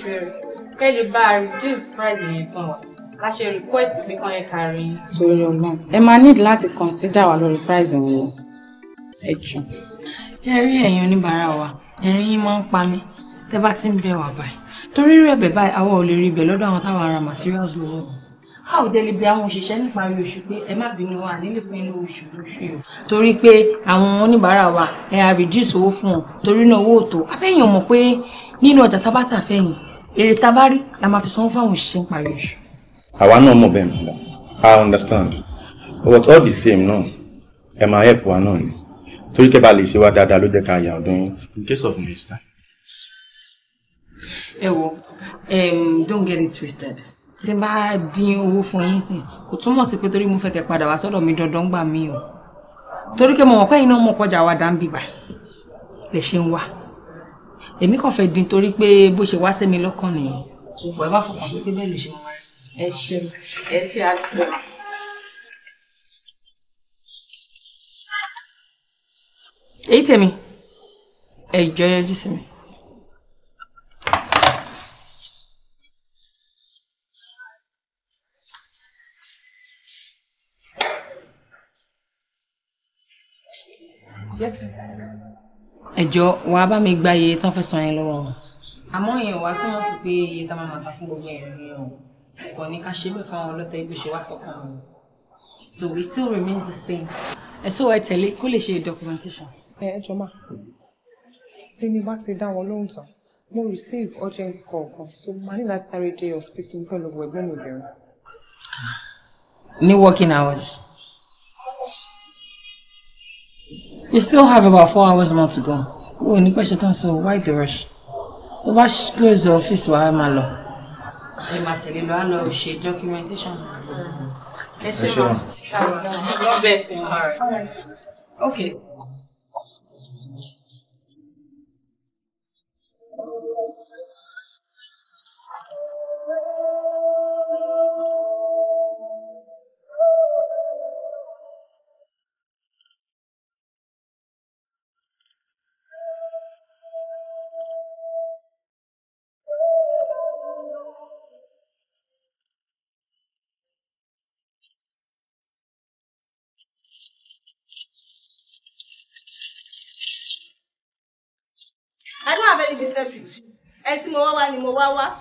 ti rí kẹ́ lè bá a reduce price yẹn fún wa la ṣe request pé kán yẹ ká rí yín. torí ọgbọ́n ẹ máa need láti consider wa lórí price yẹn o ẹ jù. ẹ rí ẹ̀yin oníbàárà wa ẹ̀rín yín máa ń pa mí tẹ́ bá ti ń bẹ̀ wá báyìí torí irú ẹ̀bẹ̀ báyìí àwa ò lè rí ibẹ̀ lọ́dọ̀ àwọn táwọn ará materials lọ́wọ́ wọn a ò délé bí àwọn òṣìṣẹ́ níparí oṣù pé ẹ má bínú wa nílé fún inú oṣù lóṣù yìí torí pé àwọn oníbàárà wa ẹ á reduce owó fún wọn torí náà owó òtò abẹ́yìn mọ̀ pé nínú ọjà tá a bá ṣàfẹ́yìn èrè tá bá rí la máa fi sanwó fáwọn òṣìṣẹ́ ń parí oṣù. àwa náà mọ̀ bẹ́ẹ̀ mọ̀ I understand but all the same náà ẹ máa help wa náà ni torí kẹ́ bá lè ṣe wá dáadáa ló jẹ́ ká yà ọdún yín. in case of next time. ẹ wo um, don't get it twisted tí n bá dín owó fún yín sìn kò túmọ̀ sí pé torí mo fẹ́ kẹ́ padà wá sọ́dọ̀ mi dandan gbà mí o torí kẹ́ mọ̀ wọ́n pẹ́yìn náà mọ̀ kọjá wa dá ń bìbà lè ṣe ń wà èmi kàn fẹ́ dín torí pé bó ṣe wá sí mi lọ́kàn nìyẹn gbogbo ẹ bá fọkàn sí pé bẹ́ẹ̀ ló ṣe máa ẹ ṣe ẹ ṣe àgbẹ̀. èyí tèmi ẹ jọ yọjú sí mi. Yes, sir ẹjọ wà á bá mi gba iye tán fẹ́ san yẹn lọ́wọ́ wọn. àmọ́ ìyẹn wàá túmọ̀ sí pé iye tá máa ta fún gbogbo ẹ̀rín yẹn o kò ní ká ṣe bẹ́ẹ̀ fáwọn ọlọ́tẹ̀ ibi ṣe wá sọ́kàn o so we still remains the same. ẹ sọ wa tẹ̀lé kó lè ṣe documentation. ẹ ẹ jọ máa tí mi bá ti dá wọn lóhùn tán mo receive urgent call kan so mo máa ní láti sáré dé hospital pẹ̀lú ẹgbẹ́ mi obìnrin. ní working hours. You still have about four hours more to go. Kúrò ní question tán so why the rush? Tó bá close ọ́fíìsì wa, ẹ I'm lọ. Ẹ máa tẹ̀lé lọ, á lọ ṣe documentation. Ẹ ṣe wà. Lọ́bẹ̀ẹ́sì. Okay. honest tí mo wá wá ni mo wá wá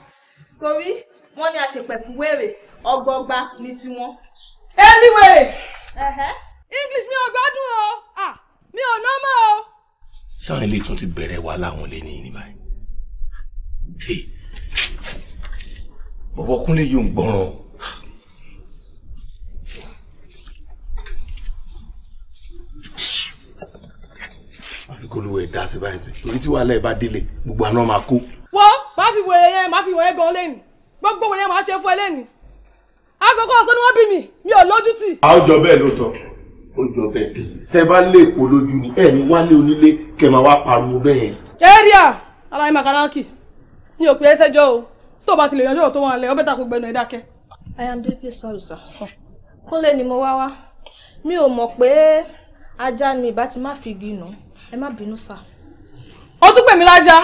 torí wọ́n ní àṣepẹ̀fúwèrè ọgbọgba ní tiwọn. anyway english mi ò gbádùn o mi ò ná o. sáwọn ilé tún ti bẹ̀rẹ̀ wá láwọn lé ní ní báyìí bọ̀bọ̀ kúnlé yóò gbọ́ràn o. dà sí báyìí sí torí tí wàhálà ẹ bá délé gbogbo àná máa kó. wọ́n máa fi wèrè yẹn máa fi wọ̀nyẹn gan lẹ́nu gbogbo wèrè yẹn máa ṣe fún ẹ lẹ́nu àkókò ọ̀sán ni wọ́n bí mi mi ò lójú tì. a ó jọ bẹ́ẹ̀ lóòótọ́ ó jọ bẹ́ẹ̀ tẹ bá lè kó lójú ni ẹ̀ ní wálé onílé kẹ máa wá pariwo bẹ́ẹ̀ kẹ́ríà ara ẹ̀ makaraki mi ò pè é sẹ́jọ́ o tí tó bá ti yanjú ọ̀rọ̀ wọn lẹ̀ ọ bẹ́tà gbẹnu ẹ̀ I am deeply sorry sir kúnlẹ̀ ni mo wá wá mi ò mọ̀ pé ajá ni ìbá ti má fi gbinú ẹ má bínú sir ó tún pè mí lájà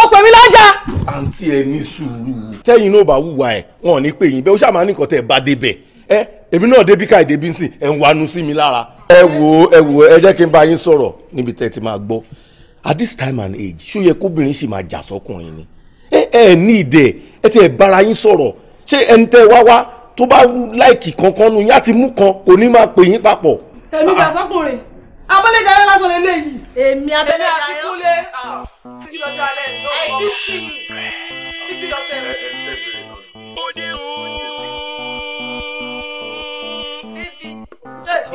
ó pè mí lájà. àǹtí ẹ ní sùúrù. tẹ́yìn náà bá wùwà ẹ̀ ni ò ní pè yín bẹ́ẹ̀ ó ṣáà máa ní nǹkan tẹ́ ẹ bá débẹ̀ ẹ èmi náà débí ká ìdébí nsìn ẹ̀ ń wanu sí mi lára. ẹ wo ẹ wo ẹ jẹ́ kí n bá yín sọ̀rọ̀ níbi tẹ́ ti máa gbọ́ at this time and age ṣó yẹ kóbìnrin sì máa jà sọkùnrin ni ẹ ẹ ní ìdẹ ẹ ti ẹ bára yín sọ̀rọ̀ ṣé ẹni tẹ́ wá wá tó bá láìkì kankan nu yín á ti kan kò ní máa pè yín papọ̀. tèmi jà sọkùnrin abẹ́lẹ̀ jayé lásán lè léyìí. èmi abẹ́lẹ̀ jayé. èmi àti kúnlé ah, títí ọjọ́ alẹ́ ní ọ̀hún. títí ọ̀sẹ̀ rẹ̀. òde o.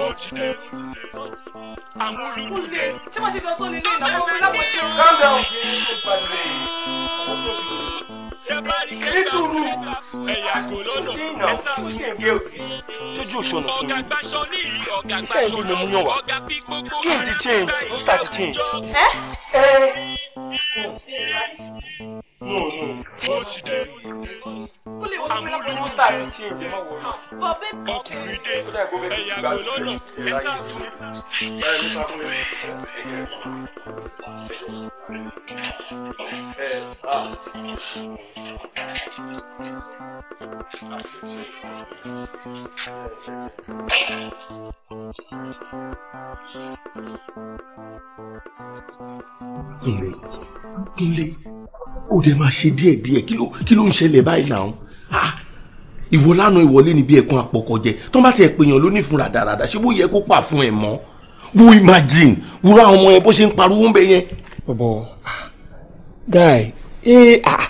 ó ti dé. àwọn olùkúnlé. ṣé wọ́n ṣe lọ sóni ilé ìnáwó lápò tí o. calm down ní ẹ̀yà kò lọ́nà ẹ̀sà òsì ẹ̀bí òsì tójú òṣùnà fún mi iṣẹ́ ìlú ni mo yàn wá kí n ti change rústà ti change. ẹ ẹ no no ó ti dé àmúlùmí dé ọkùnrin dé ẹ̀yà kò lọ́nà ẹ̀sà fún mi. Eh, ah. Kúnlé Kúnlé ó dẹ̀ máa ṣe díẹ̀díẹ̀ kí ló kí ló ń ṣẹlẹ̀ báyìí náà ìwọ lánàá ìwọlé níbi ẹ̀kún àpọ̀kọ̀jẹ tó bá ti ẹ̀pẹ̀yàn ló ní fúnra dáradára ṣé bó yẹ kó pa fún ẹ mọ́ wo imagine wúrà ọmọ yẹn bó ṣe ń pariwo ń bẹ yẹn. bọ̀bọ̀ guy ẹ eh, ah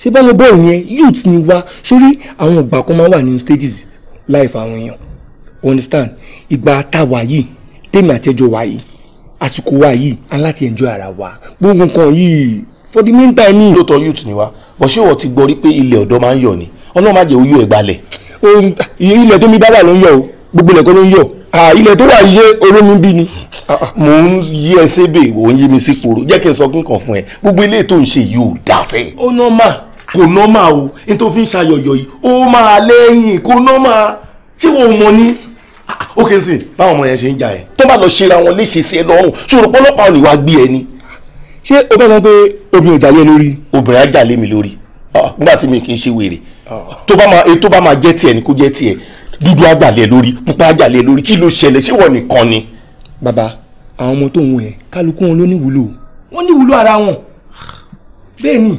ṣé bá lọ bẹ́ẹ̀ yẹn youth ni wa sórí àwọn ìgbà kan máa wà nínú stages life àwọn èèyàn understand ìgbà táwa yìí tèmi àtẹjọ wa yìí àsìkò wa yìí aláti enjoy ara wa gbogbo nǹkan yìí for the meantime ni. lóòótọ́ youth ni wa bọ̀ ṣé ìwọ ti gbọ́ rí pé ilẹ̀ ọ̀dọ́ máa ń yọ̀ ni ọlọ́run má jẹ́ oyún ẹ̀ gbalẹ̀. ilẹ̀ tó mi bá wà ló ń yọ̀ o gbogbo ilẹ̀ kọ́ ló ń yọ̀ ilẹ̀ tó wà yé olómi bí ni. Ah, ah, mò ń yí ẹ sébè ò ń yí mi sí poro jẹ́ kí n sọ kí n kàn fún ẹ gbogbo ilé tó ń yìí ò dáa sẹ́yìn. ó nọ́ọ̀mà kò nọ́mà o ní tó fi ń ṣayọ̀yọ̀ yìí ó máa lẹ́yìn kò nọ́mà ṣé wọn ò mọ ní. ó ah, kì í sìn báwọn ọmọ yẹn ṣe ń jà ẹ. tó bá lọ ṣera wọn léṣe sí ẹ lọ́rùn ṣòro pọ́lọ́pàá ò ní wá gbé ẹ ní. ṣé o fẹ́ sọ pé obìnrin ìjà lé lórí. obìnrin ajá lé mi lórí ah, nígbà tí mi kì í ṣe wèrè ah. tó bá máa jẹ́ tiẹ̀ ni kó jẹ́ tiẹ̀ dúdú ajá lé lórí pupa ajá lé lórí kí ló ṣẹlẹ̀ ṣé wọ́n nìkan ni. bàbá àwọn ọmọ tó ń wọ yẹn kálukú wọn ló níwúlò. wọ́n níwúlò ara wọn bẹ́ẹ̀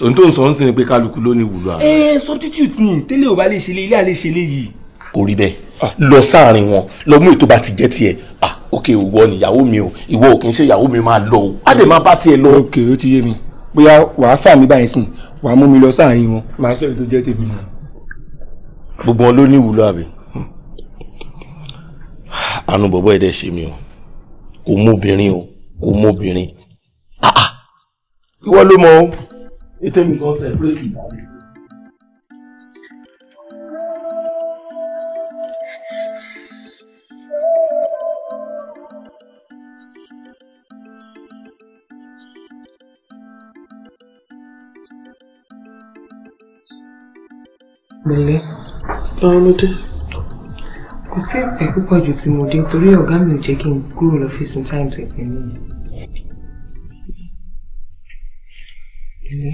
sọ̀n tó ń sọ ń sin pé kálukú ló ní ìwúlò àná. ẹ eh, substitute ni tẹ́lẹ̀ ò bá lè ṣe lé ilé àlè ṣe lé yìí. kò rí bẹ́ẹ̀ ah, lọ sáàrin wọn lọ mú ètò bá ti jẹ́ tiẹ̀ ah ok ìwọ ni ìyàwó mi o ìwọ ò kì í ṣe ìyàwó mi máa lọ o á dẹ̀ máa bá tiẹ̀ lọ. ok ó ti yé mi bóyá wàá fà mí báyìí sìn wàá mú mi lọ sáàrin wọn màá sọ ètò jẹ́ tèmi. gbogbo wọn ló ní ìwúlò àbí. àánú bọ̀bọ̀ ẹ̀dẹ̀ ṣe mi o kò mú obìnrin o kò mú obìnrin ah ah ìwọ ló mọ o ètè mi kan sẹpẹrẹtì dàbí. pẹ̀lẹ́ báwo ló dé. kò tí ì pẹ́ púpọ̀ jù tí mo dé torí ọ̀gá mi ò jẹ́ kí n kúrò lọ́fíìsì ní táìmù tẹ̀pẹ́ nìyẹn. ilé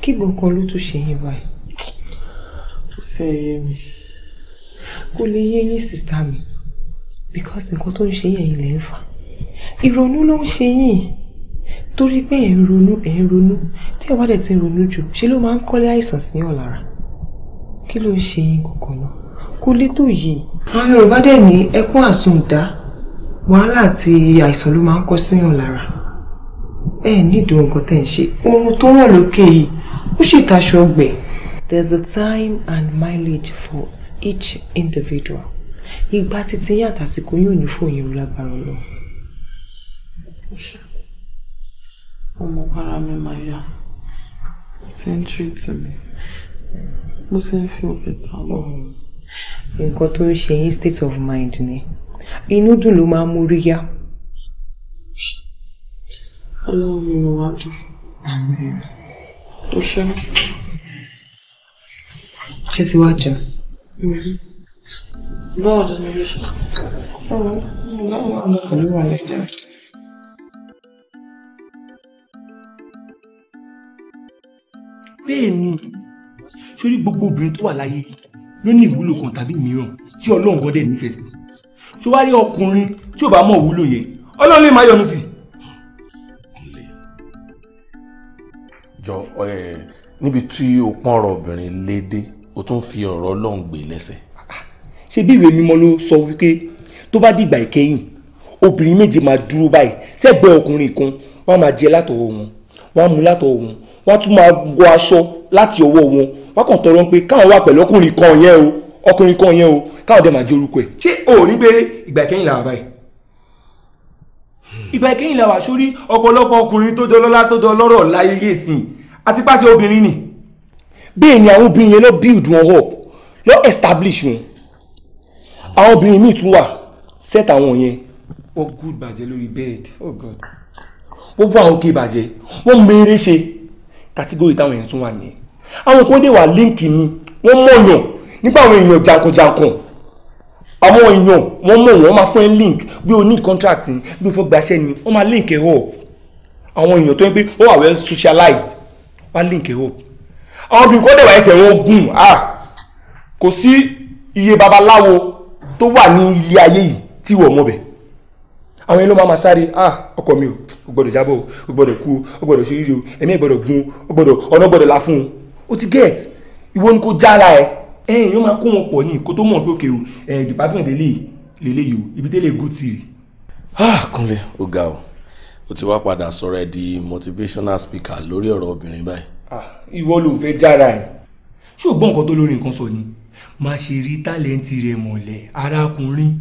kí gbọ̀ngàn ló tún ṣe yín báyìí. kò sí ẹyẹ mi. kò lè yé yín sísá mi because nǹkan tó ń ṣe yẹn ilẹ̀ ń fà ìrònú ló ń ṣe yín torí pé ẹ̀ ń ronú ẹ̀ ń ronú tí ẹ̀ wá dẹ̀ ti ronú jù ṣe ló máa ń kọ́lé àìsàn sí ọ̀ lára kí ló ń ṣe yín kankan náà kó lé tó yìí. àwọn Yorùbá dẹ̀ ní ẹkún àsundà wàhálà àti àìsàn ló máa ń kọ́ síyàn lára ẹ ní nǹkan tẹ̀ ń ṣe ohun tó wà lókè yìí ó sì taṣọ ọgbẹ. there's a time and mileage for each individual ìgbà títí yín àtàsìkò yóò ní fún òyìnbó lágbára lọ. ọmọ para mi máa yá tí ń tírìtì mi bó ṣe ń fi òbí ta lọ. nǹkan tó ń ṣe yín state of mind ni inú dùn ló máa ń múrí yá. Ọlọ́run mi ò wá dùn. Ó ṣe. Ṣé ti wá jẹun? Báwo ló ń rí? Ọ̀rọ̀ ọ̀gá àwọn ọmọkùnrin wà lẹ́jọ́. Bẹ́ẹ̀ ni, sórí gbogbo obìnrin tó wà láyé yìí ló ní ìwúlò kan tàbí mìíràn tí Ọlọ́run gbọ́dẹ̀ nífẹ̀ẹ́ sí. Ṣé wá rí ọkùnrin tí ò bá mọ̀ wúlò yẹn? Ọlọ́run lè má yọ́nú sí. níbi tí o pọ́n obìnrin léde o tún fi ọ̀rọ̀ ọlọ́run gbé lẹ́sẹ̀. ṣé bí ìwé mímọ́ ló sọ wípé tó bá dìgbà ìkẹyìn obìnrin méje máa dúró báyìí sẹ́gbẹ̀ẹ́ ọkùnrin kan wọ́n máa jẹ látọwọ́ wọn wọ́n á mu látọwọ́ wọn wọ́n tún máa wọ aṣọ láti ọwọ́ wọn wọ́n kàn tọrọ pé káwọn wà pẹ̀lú ọkùnrin kan yẹn o ọkùnrin kan yẹn o káwọn dẹ̀ máa jẹ orúkọ ẹ̀. ṣé o ò ní gbé ìgbà ìkẹyìn làwọn báyìí ìgbà ìkẹyìn làwọn àṣórí ọ̀pọ̀lọpọ̀ ọkùnrin tó dọlọ́lá tó dọlọ́rọ̀ láyé yé sìn àti pàṣẹ obìnrin ni. bẹ́ẹ̀ ni àwọn obìnrin yẹn lọ build wọn up lọ establish wọn àwọn obìnrin míì tún wà set àwọn yẹn. wọ́n good bàjẹ́ lórí bed oh god. wọ́n bọ́ àwọn òkè bàjẹ́ wọ́n mèrè ṣe kàtígórì táwọn èèyàn tún wà nìyẹn àwọn kan dé wà líǹkì ni wọ́n mọ̀yàn nípa àwọn èèyàn jankanjankan àwọn èèyàn wọ́n mọ̀ wọ́n máa fún ẹ link bí o ní contract bí o fún gbaṣẹ́ ni wọ́n máa link ẹ̀ họ́ àwọn èèyàn tó ń pé wọ́n wà well socialized wá líǹkì hope àwọn obìnrin kó dẹ̀wà ẹsẹ̀ wọn gùn ah kò sí iye babaláwo tó wà ní ilé ayé yìí tí wọ́n mọ̀ bẹ̀ àwọn ẹlọ́mọ máa sáré ah ọkọ mi o ò jabo, o ò gbọ́dọ̀ o ò gbọ́dọ̀ ṣe rírì o ẹ̀mí ẹ̀ gbọ́dọ̀ gun o ò gbọ́dọ̀ ọ̀nà la fún o o ti get ìwọ ni kò jára ẹ ẹ̀yìn yóò máa kó wọn pọ̀ ní kó tó mọ̀ pé òkè o ẹ̀ department lélẹ́yìí ibi tẹ́lẹ̀ gùn tì rí. ah Kúnlé ó ga o o ti wá padà sọ̀rọ̀ ẹ di motivational speaker lórí ọ̀rọ̀ obìnrin báyìí. Ah, ìwọ ló fẹ́ jára ẹ̀ ṣùgbọ́n nǹkan tó lórí nǹkan sọ ni má ṣe rí tálẹ́ǹtì rẹ̀ mọ̀lẹ́ arákùnrin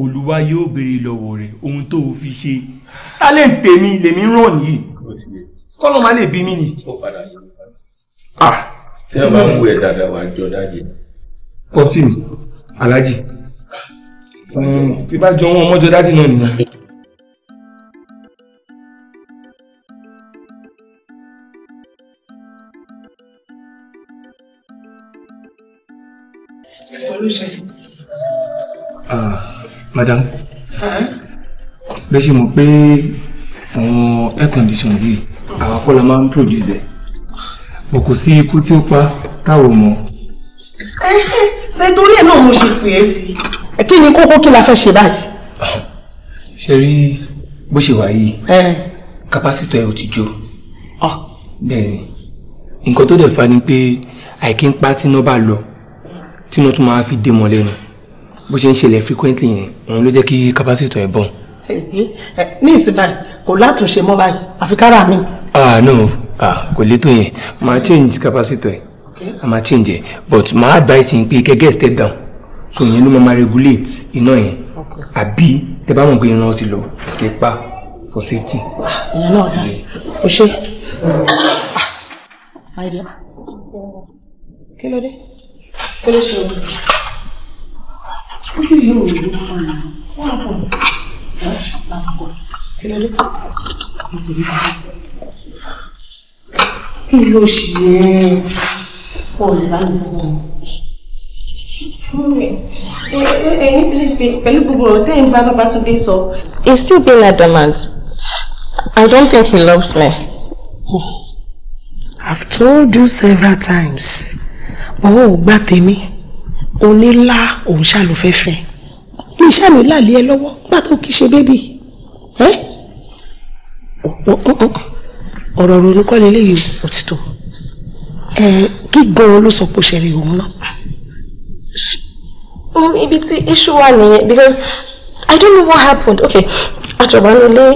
olúwa yóò béèrè lọ́wọ́ rẹ̀ ohun tó fi ṣe tálẹ́ǹtì tèmi lèmi ràn nìyí kọ́nà má lè bí mi nì. Ah, tẹ́ ẹ bá ń wú ẹ̀ dáadáa wàá jọ dájẹ́. kọfí mi aláàjì hmm, tí bá jọ wọn ọmọ jọ dájì náà nìyẹn. ló ṣẹlẹ̀. Ah, madam bẹ́ẹ̀ ṣe mọ̀ pé àwọn air condition yìí àwọn akọ́lá máa ń produce ẹ̀ bò kò sí ikú tí ó pa táwọn mọ̀. ṣé torí ẹ̀ náà mo ṣe pè é sí i kí ni kókó kí la fẹ́ ṣe báyìí. ṣe rí bó ṣe wà yìí kapásítọ̀ ẹ̀ ò ti jó ah. bẹ́ẹ̀ ni nǹkan tó dẹ̀ fa ni pé àìkí ń pa tí bá lọ tí iná tún máa fi dé mọ́ lẹ́nu bó ṣe ń ṣẹlẹ̀ frequently yẹn òun ló jẹ́ kí capacity ẹ̀ bọ̀n. ní ìsìn báyìí kò látúnṣe mọ́ báyìí àfi kára mi. ah no ah kò lè tó yẹn máa change capacity ẹ̀ a máa change ẹ̀ but máa advice yín pé kẹ́kẹ́ step down so yẹn ló máa máa regulate iná yẹn àbí tẹ bá mọ̀ pé iná ti lọ kẹ́ pa for safety. ìyẹn náà dá o ṣe. Ah, kí ló dé kí ló ṣe ojú ojú yìí ò rí fún mi wọ́n á bọ̀ ẹ́ làbọ̀ kí ló dé kí ló ṣe é pọ̀ ní láti sọ́kọ̀ pẹ̀lú He's still being adamant. I don't think he loves me. Oh, I've told you several times òun ò gbà tèmi onílá òun ṣáà ló fẹ́ fẹ́ mi ṣáà ní láàlẹ́ ẹ lọ́wọ́ gbà tó kì í ṣe bébì ẹ́ ọ̀rọ̀ ronú kọ́ lélẹ́yìí òtítọ́ ẹ kí gan-an ló sọ pé ó ṣẹlẹ̀ òun náà. ibi tí issue wà nìyẹn because I don't know what happened okay àjọ̀bánulé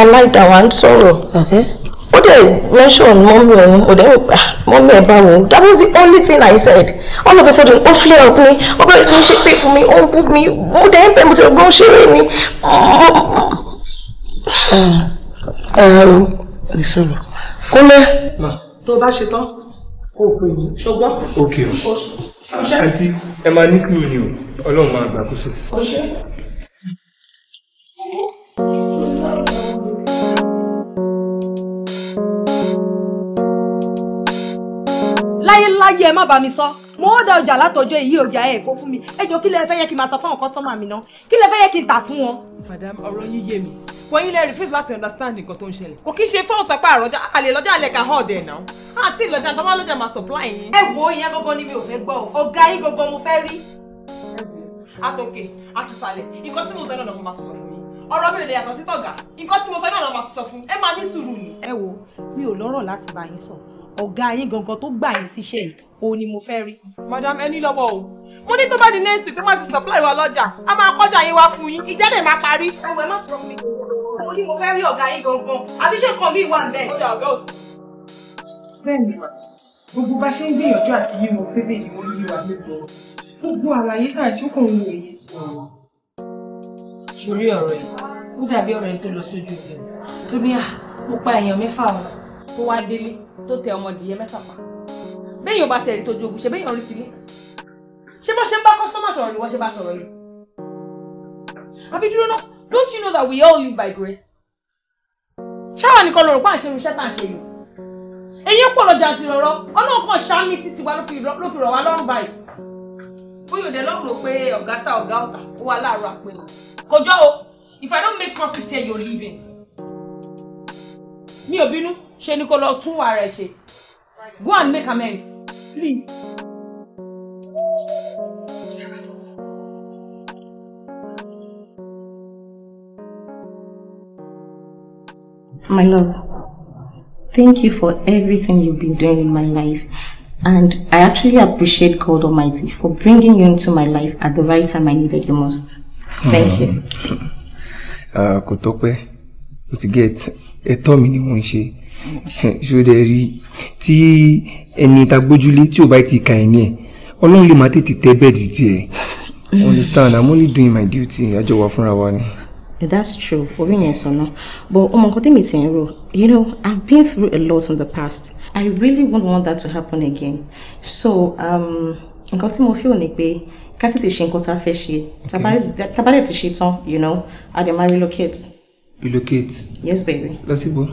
aláìdáwà ń sọ̀rọ̀. Okay ó dẹ̀ mention mọ́mí òun ó dẹ̀ wípé mọ́mí ah, ẹ̀ bá that was the only thing I said all of a sudden ó flare up ni ó bẹ̀rẹ̀ sí ní ṣe pé fún mi ó ń bú mi ó dẹ̀ ń bẹ̀ mo ti gbọ́ ṣeré mi. nìṣòro kúnlẹ̀. tó o bá ṣe tán kó o pè mí ṣọgbọ́n. ok o àti ẹ máa ní sùúrù ni o ọlọ́run máa gbàkóso. láyéláyé ẹ má bá mi sọ mo ó da ọjà látọjọ́ èyí ọjà ẹ kó fún mi ẹ kí lẹ fẹ́ yẹ kí n máa sọ fún àwọn kọ́sọ́mà mi náà kí lẹ fẹ́ yẹ kí n tà fún wọn. madam ọ̀rọ̀ yín yé mi wọ́n yín lè refuse láti understand nǹkan tó ń ṣẹlẹ̀ kò kí n ṣe fọ́ọ̀tù apá àròjà àlè lọ́jà àlẹ́ ká hàn dẹ̀ náà àti ìlọ́jà tó bá lọ́jà máa supply yín. ẹ wo ìyẹn gbogbo ni mi ò fẹ́ gbọ́ ọ̀gá yín gbogbo mo fẹ́ rí. àtòkè àtìsàlẹ̀ nǹkan tí mo sọ náà lọ́mọ máa sọ fún mi ọ̀rọ̀ mi ò lè yàtọ̀ sí tọ̀gà nǹkan tí mo sọ náà lọ́mọ máa sọ fún ẹ máa ní sùúrù ni. ẹ wo mi ò lọ́rọ̀ láti bá yín sọ̀rọ̀ ọ̀gá yín gangan tó gbà yín síṣẹ́ yìí òun ni mo fẹ́ rí. madam ẹni lọ́wọ́ o mo ní tó bá di next week tó má ti supply wa lọ́jà a máa kọjá yín wá fún yín ìjẹ́ lè má parí. ọwọ́ ẹ má sọ mi mo ní mo fẹ́ rí ọ̀gá yín gangan àbí ṣé nǹkan bíi wà ń bẹ̀. bẹ́ẹ̀ni gbogbo bá ṣe ń gbìyànjú àti yí mo fẹ́ bẹ́ẹ̀ ni mo yí wa lẹ́gbọ̀ọ́ gbogbo àlàyé kà ṣókò ń wòye. sórí ọ̀rọ̀ ẹ̀ ó dàbí ọ̀rọ̀ ẹ̀ tó lọ sójú ìgbìmọ̀ tó ní à ah, mo pa èèyàn mẹ́fà ọ̀rọ̀ tó wá délé tó tẹ ọmọdìyẹ mẹ́fà pa béèyàn bá tẹ̀rí tó jogun ṣe béèyàn rí tilé ṣé bó ṣe ń bá kọ́sọ́mà sọ̀rọ̀ ni wọ́n ṣe bá sọ̀rọ̀ yìí àbí náà don't you know that we all live by grace ṣáwa nìkan lọ̀rọ̀ pa àṣẹ irúṣẹ́ tá à ń ṣe yìí èyí pọ̀ lọ́jà àti rọ̀rọ̀ ọlọ́run kan ṣáàmì sí tiwa ló fi rọ̀ wá lọ́rùn báyìí bóyá òde lọ́rùn ló pé ọ̀gá ta ọ̀gá ọ̀tà ó wà láàárọ̀ àpérò kọjọ́ o if I don't make conflict here you're leaving mi ò bínú ṣe ni kó lọ tún wà rẹ̀ ṣe go and make amends please. My love, thank you for everything you've been doing in my life. And I actually appreciate God Almighty for bringing you into my life at the right time I needed you most. Thank mm. you. Hmm. Uh, kò tó pẹ́, ó ti gé ẹ̀tọ́ mi ni mò ń ṣe ṣòdẹ rí tí ẹni ta gbójúlé tí ò bá ti ka ẹni ẹ ọlọ́run lè má tètè tẹ́ bẹ́ẹ̀dì tiẹ̀ understand i'm only doing my duty àjọ wà fúnra wa ni. that's true orí yẹn sọ náà but ọmọ nǹkan tèmi ti ń rò you know i've been through a lot in the past i really won't want that to happen again so um, nǹkan tí mo feel ni pé ká tètè ṣe nǹkan tá a fẹ́ ṣe tabalẹ̀ ti ṣe tán you know i dey ma relocate. relocate. yes baby. lọ síbo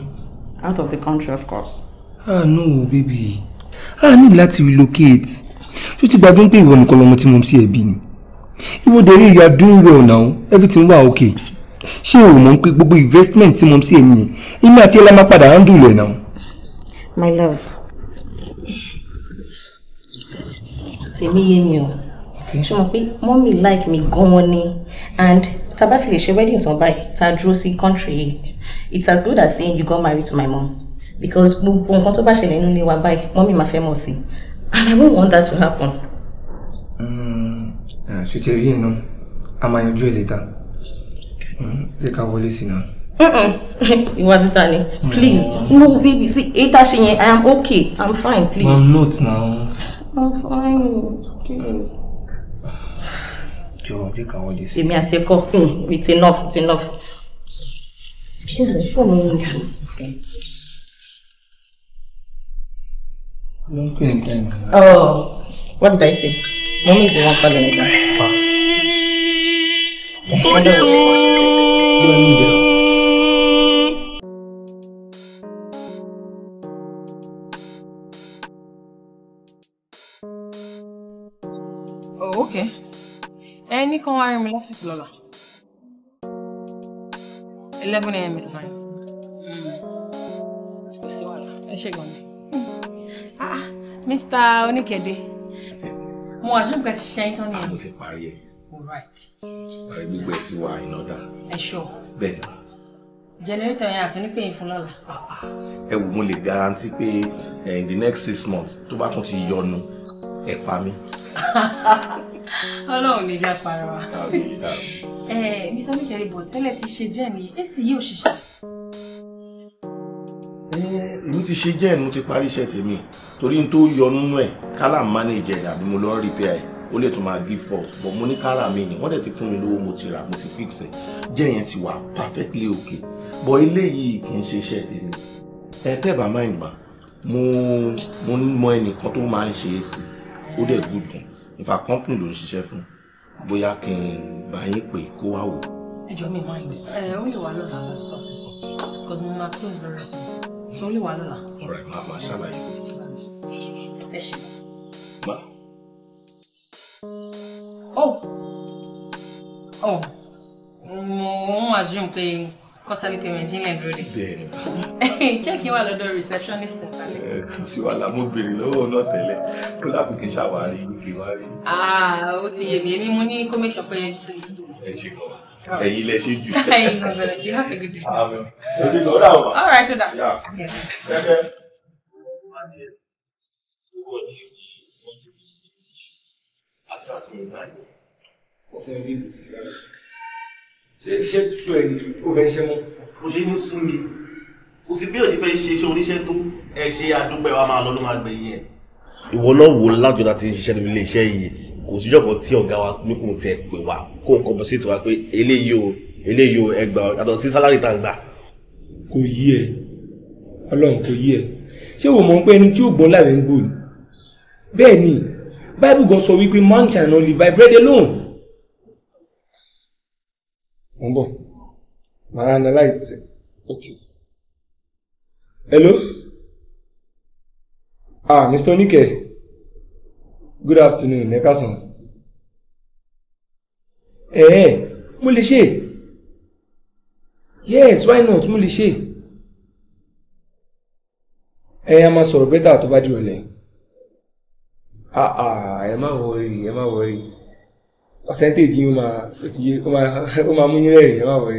out of the country of course. ah no baby a ah, need láti relocate ṣó ti gbàgbé pé ìwọ nìkan lọmọ tí mo ti ẹbí ni ìwọ dẹrẹ you are doing well now everything wà okay ṣé o mọ̀ pé gbogbo investment tí mo ti ẹ̀ nìyẹn ìmọ̀ àti ẹlẹ́mà padà handle rẹ̀ now. my love tèmi yé mi o ṣé mo pé mọ́mí like mi gan-an ni and tá a bá fi lè ṣe wedding tán báyìí tá a dúró sí country yìí it's as good as saying you got married to my mom because gbogbo nǹkan tó bá ṣẹlẹ̀ nínú ilé wa báyìí mọ́mì máa fẹ́ mọ̀ sí and I won't want that to happen. ṣètì èyí iná a máa yanjú ẹ̀ létà ṣé hmm, ká wọlé sí náà. ìwà títa ni please hmm. no baby see èyí tá yẹn I am okay I am fine please. mom note na. I'm fine please. jọ̀wọ́ jẹ́ ká wọlé sí. èmi àti ẹ̀kọ́ hmm, it's enough it's enough. Excuse me, for me. Okay. You're quitting time. Oh, what did I say? Mommy is the one calling me back. I wonder Oh, okay. Any kan wá rí mi lọ́fíìsì eleven a.m. midnight. kò Mr. Oníkèdè mo assume pé ti ṣe ẹyin tán ni. a ló fi parí ẹ. alright. parí gbogbo ẹ ti wà ìnáda. ẹ ṣọ. bẹ́ẹ̀ ni jẹnẹrétọ yẹn àti ní pèyìn fún lọ́la. Ah, ah. ẹ wò mo eh, in the next six months tó bá tún ti yọnu ẹ pa mí. ọlọ́run ní ìjà para wa ẹ mr mikeribo tẹ́lẹ̀ ti ṣe jẹ́ mi èsì yìí ò ṣiṣẹ́. Eh, èmi ti ṣe jẹ́ ẹ̀nu ti parí iṣẹ́ tèmi torí n tó yọ nínú ẹ̀ kálà manage ẹ̀ àbí mo lọ ń repair ẹ̀ ó lè tún máa give fault but mo ní kálà mi ni wọ́n dẹ̀ ti fún mi lówó mo ti rà mo ti fix ẹ̀ jẹ́ yẹn ti wà perfectly okay but eléyìí kì í ṣe iṣẹ́ tèmi ẹ tẹ́ máa ń gbà mo mo mọ ẹnìkan tó máa ń ṣe é sí ó dẹ̀ gùn dùn ìfà company ló ń ṣiṣẹ́ fún bóyá kí n bá yín pè kó wá wò. ẹjọ mi máa ń gbé ẹ ó lè wà lọ́la lọ́sọ̀ kòtò mo máa close lọ́rọ̀ sọ ó lè wà lọ́la. ọ̀rẹ́ máa máa ṣàlàyé. ẹ ṣe. má. ó ó mo ń assume pé quarterly payment ní ẹ̀dúródì. bẹ́ẹ̀ni. jẹ́ kí n wà lọ́dọ̀ receptionist tẹ̀sánlẹ̀. ẹ kò sí wàhálà mo béèrè lọ́wọ́ náà tẹ́lẹ̀ kó láti kí n ṣàwárí kí n wá rí. Ah, ó ti yé mi èmi mú ní kó mẹ́kàn pé. ẹ ṣe kọ́ ẹ̀yin lẹ ṣe jù. ẹ̀yin gbọ́dọ̀ lẹ ṣe have a good ẹ ṣe kọ́ ó dà wọ́n. all right ó dà. ṣẹ́kẹ́. Àti àti ìgbà yẹn, ó fẹ́ ti rẹ̀ ṣé iṣẹ́ ti sọ ẹni ó fẹ́ ṣẹ́ mọ́. kò ṣe ní sún mi kò sí bí òṣìfẹ́ ṣe iṣẹ́ oníṣẹ́ tó ẹ ṣe àdúpẹ́ wa máa lọ ló máa gbẹ̀yìn ẹ̀. ìwọ náà wo lájọ láti ṣiṣẹ́ nínú ilé iṣẹ́ yìí kò síjọ́ kan tí ọ̀gá wa nípò tiẹ̀ pè wá kó nǹkan bọ́ sí tiwa pé eléyìí o eléyìí o ẹgbà yàtọ̀ sí sálárì tá à ń gbà. kò yí ẹ Ọlọ́run kò yí ẹ ṣé wò mọ̀ pé ẹni tí ó gbọ́n Bible gan sọ wípé man shall not live by mo ń bọ̀ màá analyze ok hello ah mr oníkẹ good afternoon ẹ eh, ẹ yes why not mo lè ṣe a máa sọ̀rọ̀ bẹ́tà tó bá dìrọ̀lẹ́ ah ah ẹ má wọrí ẹ má wọrí percentage yín máa ó ti ó máa ó máa mú yín rẹ̀rìn ẹ má wọlé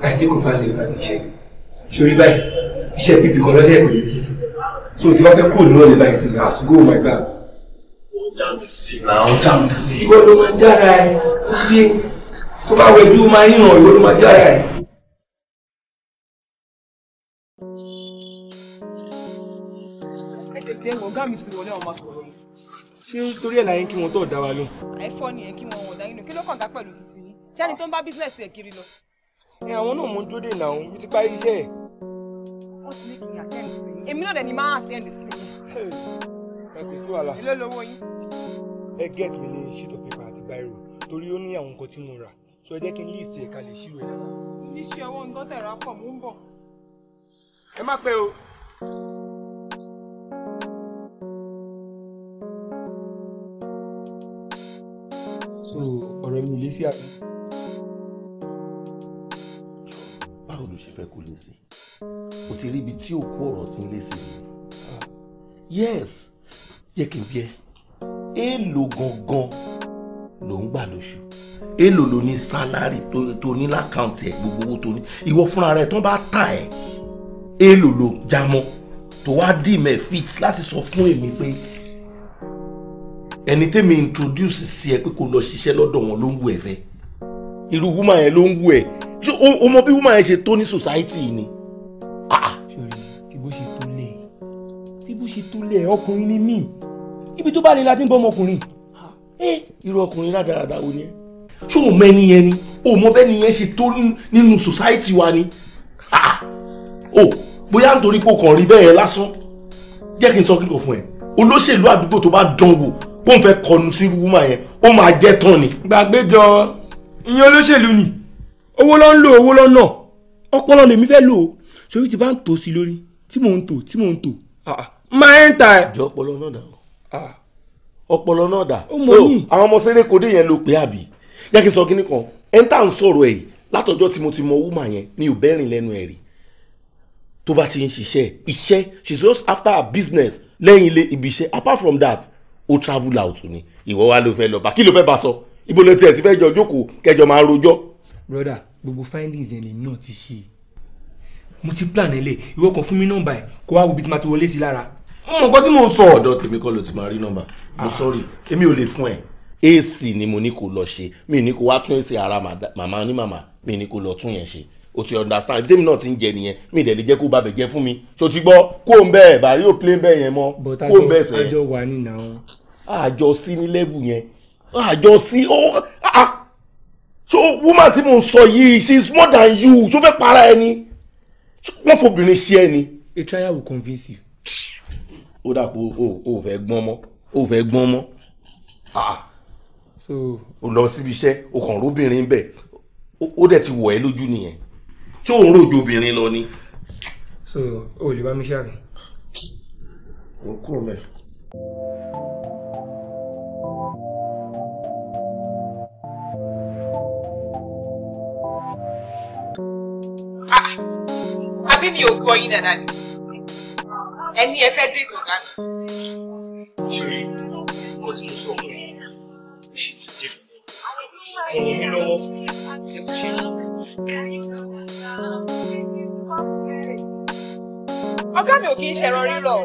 àti kò fà lè fà ti ṣe sórí báyìí iṣẹ́ pípì kan lọ́sẹ̀ kò ní so tí wọ́n fẹ́ kó lọ́ọ́ lè báyìí sí i àti oh my bag. ó dà mí sí i náà ó dà mí sí i. ìwọ ló máa jára ẹ ó ti yé tó bá wẹjú máa ń yàn ìwọ ló máa jára ẹ. ti ẹ̀ ọ̀gá mi ti wọlé àwọn máa sọ̀rọ̀ ni. ṣé torí ẹ̀ láyé kí wọ́n tó dá wa lóhùn. àìfọ́ ni ẹ̀ kí wọ́n wọ̀n dáyé nù kí ló kàn ká pẹ̀lú títí yín ṣé ẹni tó ń bá bísíǹsì ẹ̀ kiri lọ. ẹ àwọn náà mo ń dúró dè náà mi ti parí iṣẹ́ ẹ̀. wọ́n ti ní kí n àtẹ́ǹdì sí i èmi náà dẹ̀ ni máa àtẹ́ǹdì sí i. ẹ kò sí wàhálà. ilé lówó yín. ẹ get mi ní sheet of paper àti biro torí ó ní àwọn nǹkan tí mo rà so ẹ jẹ́ kí n list ẹ̀ kalẹ̀ ṣírò ẹ̀ dáadáa. iléeṣẹ́ owó ń dọ́tẹ̀ rà ẹ má pẹ́ o. rẹ ní ilé sí àná. báwo ló ṣe fẹ́ kó lè sè o ti rí ibi tí òkú ọ̀rọ̀ ti ń lé sí i. yes yẹ kí n bí ẹ èèlò gangan ló ń gbà lóṣù èèlò ló ní sálárì tó ní lákàǹtì ẹ gbogbo owó tó ní ìwọ fúnra rẹ tó bá tà ẹ èèlò ló jámọ́ tó wá dì mẹ fix láti sọ fún èmi pé ẹni tẹ́mi introduce sí ẹ pé kó lọ ṣiṣẹ́ lọ́dọ̀ wọn ló ń wù ẹ fẹ́ irú woman yẹn ló ń wù ẹ ṣé o mọ bí woman yẹn ṣe tó ní society ni. sori ah, ah. kí bó ṣe tó lé e? kí bó ṣe tó lé e? ọkùnrin ni mí ibi tó bá lè la ti ń bọ ọmọkùnrin ah, eh, irú ọkùnrin rádaràda wo ni ẹ ṣé o mọ ẹni yẹn ni o mọ bẹ́ẹ̀ ni yẹn ṣe tó nínú society wa ni o bóyá nítorí pé o kàn rí bẹ́ẹ̀ lásán jẹ́ kí n sọ kíkọ fún ẹ olóṣèlú àdúgbò tó bá dán wò kó n fẹ́ kọnu sí wúmà yẹn ó máa jẹ́ tán ni. gbàgbéjọ ìyẹn olóṣèlú ni owó ló ń lò owó ló ń nà ọpọlọ lèmi fẹ́ lò ó sórí ti bá ń tò sí lórí tí mò ń tò tí mò ń tò máa ń ta ẹ. jọ ọpọlọ náà dà ah, ọpọlọ náà dà àwọn ọmọ sẹ́lẹ̀ kò dé yẹn ló pé àbí jẹ́ kí n sọ kíní kan ẹ̀ ń tà ń sọ̀rọ̀ ẹ̀ látọjọ́ tí mo ti mọ wúmà yẹn ni ò bẹ́rìn lẹ́nu ẹ̀ rí tó bá ti ń ṣiṣẹ́ iṣẹ́ she's just after her business lẹ́yìn ilé ibi iṣẹ́ apart from that ó travel out ni ìwọ wa ló fẹ́ lọ bá kí ló fẹ́ bá sọ ibo ló tiẹ̀ ti fẹ́ jọ jókòó kẹjọ máa rojọ́. broda gbogbo findings yẹn lèmi náà ti ṣe mo ti plan ẹ lẹ ìwọ kan fún mi nọ́mbà ẹ kó wá wo bí ti máa ti wọlé sí lára mo mọ nǹkan tí mo sọ. ọ̀dọ̀ tèmi kọ́ ló ti máa rí nọ́mbà mo ah. sọ́ọ̀rì èmi ò lè fún ẹ. ac ni mo ní kó lọ ṣe mi ní kó wá tún ac ara màmá ní màmá mi ní kó lọ tún yẹn ṣe o ti understand ibi tèmi náà ti ń jẹ nìyẹn mi ìdẹ̀ lè jẹ́ kó ba bẹ̀ jẹ́ fún mi so ti gbọ́ kó o ń bẹ́ẹ̀ bàrí ò plé bẹ́ẹ̀ yẹn mọ́ kó o ń bẹ́ẹ̀ sẹ́yìn. bọ́tà àjọ wà nínú àwọn àjọ sí ní level yẹn àjọ sí ó ah, so woman tí mo sọ yìí she is more than you ṣó fẹ́ para ẹni wọ́n fobìnrin ṣe ẹni. a trial will convince you. ó dà pé o ò fẹ́ gbọ́n mọ́ o ò fẹ́ gbọ́n mọ́ ah. o lọ síbi iṣẹ́ o kàn róbìnrin bẹ̀ ó dẹ̀ ti wọ̀ ẹ́ lójú nìyẹn ṣé òun rojo obìnrin lọ ni. so o lè bá mi ṣàrẹ̀. o kúrò mẹ́rin. àbí mi ò gbọ́ yín dáadáa ni ẹni ẹ fẹ́ dé kọ̀ọ̀gá mi. ṣòrí mo ti mú sọ fún ẹ ó ṣe máa jẹ mo mú mi lọ́wọ́ ẹ kò ṣe é. ọ̀gá mi ò kí ń ṣẹran rírọ̀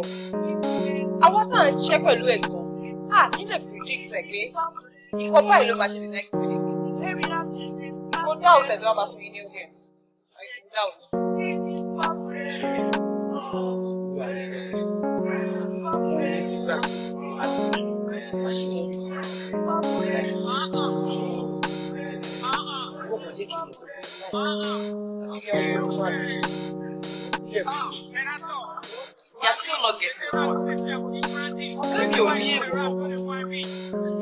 àwa náà ń ṣiṣẹ́ pẹ̀lú a kì í lè predict ẹ̀ pé nǹkan báyìí ló máa ṣe the next minute. kò dá òtẹ̀ tó wá máa fún yín ní oge. You're still not getting it ọ̀rẹ́ mi ò ní èèwọ̀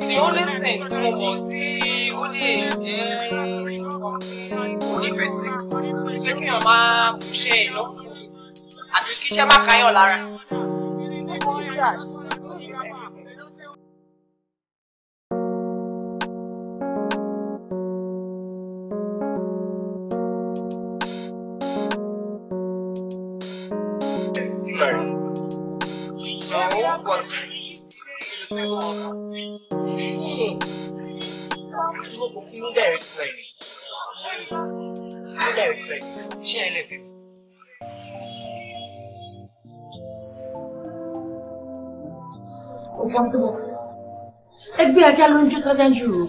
the only thing tí mo mọ̀ tí ó lè jẹ́ onífẹsẹ̀ pé kí èèyàn máa múṣẹ́ ìlọ́kùnrin àbí kí iṣẹ́ má káyàn lára. work. Mo kò fi mú bẹ̀rẹ̀ tirẹ̀ ni. Mú bẹ̀rẹ̀ tirẹ̀ ni. Ṣé ẹ lè fi? Ògbọ́n tí mo ẹgbẹ́ ajá ló ń jó tọ́já jù rò.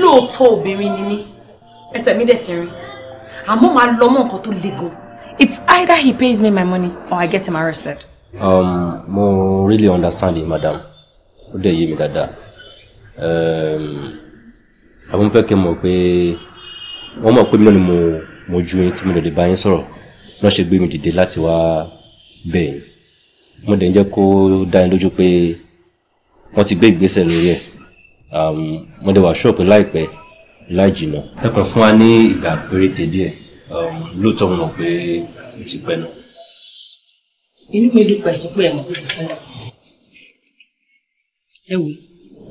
Lóòótọ́ obìnrin ni mí, ẹsẹ̀ mi dẹ̀ ti rin. Àmọ́ màá lọ mọ́ nǹkan tó le gan. It's either he pays me my money or I get him arrested um, mo really understand it madam ó dẹ̀ yé mi dáadáa um, àwọn fẹ́ kí n mọ̀ pé wọ́n mọ̀ pé mi náà ni mo mo ju yín tí mo lè bá yín sọ̀rọ̀ náà ṣe gbé mi dìde láti wá bẹ́ẹ̀ ni mo dẹ̀ ń jẹ́ kó dá yín lójú pé wọ́n ti gbé ìgbésẹ̀ lórí ẹ̀ um, mo dẹ̀ wà ṣọ́ọ̀pù láìpẹ́ láì jìnnà ẹ kàn fún wa ní ìgbà péréte díẹ̀ um, lóòótọ́ mo mọ̀ pé mo ti pẹ́ náà inú mi dùn pẹ̀sí pé ẹ̀mọ́ ti pẹ́. ẹ wò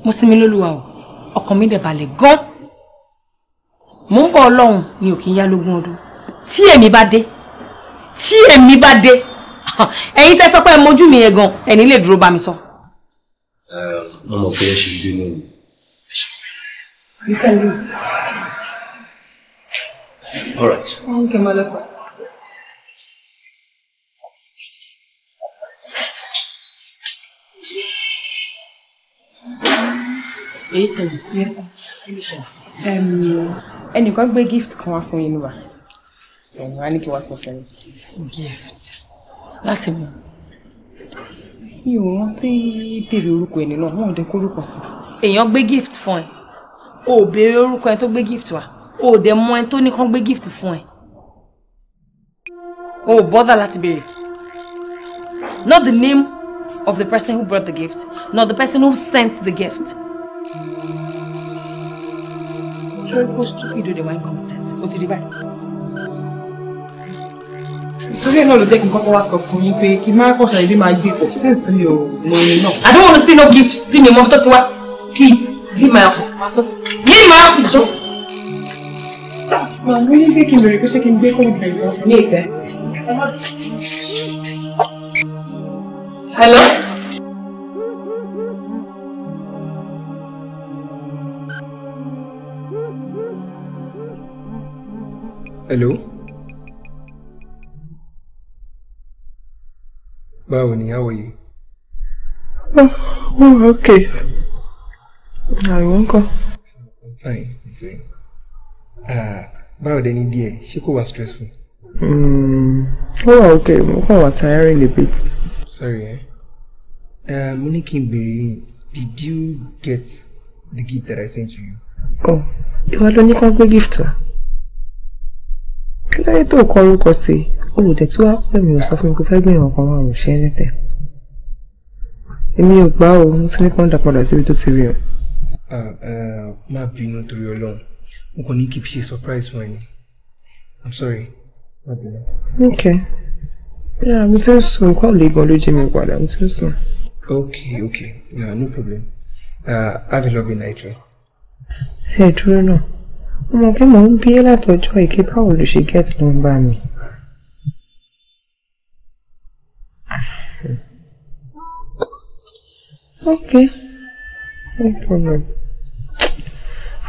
mo sinmi lólúwa o ọkàn mi dẹ̀ balẹ̀ gan. mo ń bọ̀ ọlọ́run ni ò kì í yá lógún ọdún tí èmi bá dé tí èmi bá dé ẹ̀yin tẹ́ sọ pé mojú mi yẹn gan ẹni lè dúró bá mi sọ. mo mọ̀ pé ẹ ṣe bínú mi. All right. Okay, Melissa. èyí tẹ̀lé. yes sir. Um, ẹnìkan gbé gift kan wá fún yín níbà so ni wàá ní kí wàá sọ fún mi. gift láti mú. mi ò rántí béèrè orúkọ ẹni náà wọn ò dé kórúkọ sí. èèyàn gbé gift fún ẹ o ò béèrè orúkọ ẹni tó gbé gift wa. o ò dẹ̀ mọ ẹni tó ní kán gbé gift fún ẹ o ò bọ́dà láti béèrè not the name of the person who brought the gift not the person who sent the gift. Because stupid o dey wá incompetent. O ti di báyìí. I don't want to see no gift Give me mọ́ tó ti Please leave my office. Leave my office, Joe. Màá ní pé kí n bèrè pé ṣé kí n gbé Hello. hello báwo how are you. oh, oh okay àìwọ́ ń kọ́. fine fine ah báwo dẹ ní díẹ̀ ṣé kò wá stressful. Hmm. Oh, okay. mo kàn wá tiring a bit. sorry ẹ eh? uh, mo ní did you get the gift that I sent to you. Oh, you ló ní ká gbé gift Huh? kí ló dé tó kọ orúkọ sí i olùdẹ tí wàá pè mí ò sọ fún mi kó fẹ́ gbìyànjú ọkàn wa ò ṣe é lẹ́tẹ̀ èmi ò gbá o mo ti ní kí wọ́n dà padà síbi tó ti rí o. má bínú torí ọlọ́run mo kàn ní kí n fi ṣe surprise fún ẹ ni i'm sorry má bínú. ok yeah, mi ti ń sùn nǹkan ò lè gan ló jí mi padà mo ti ń sùn. ok ok yeah, no problem uh, have a lovely night rest. ẹ dúró náà ọmọ kí mò ń bí látọjọ́ èké báwo ló ṣe gẹ́tì nọ́mbà mi. ok no problem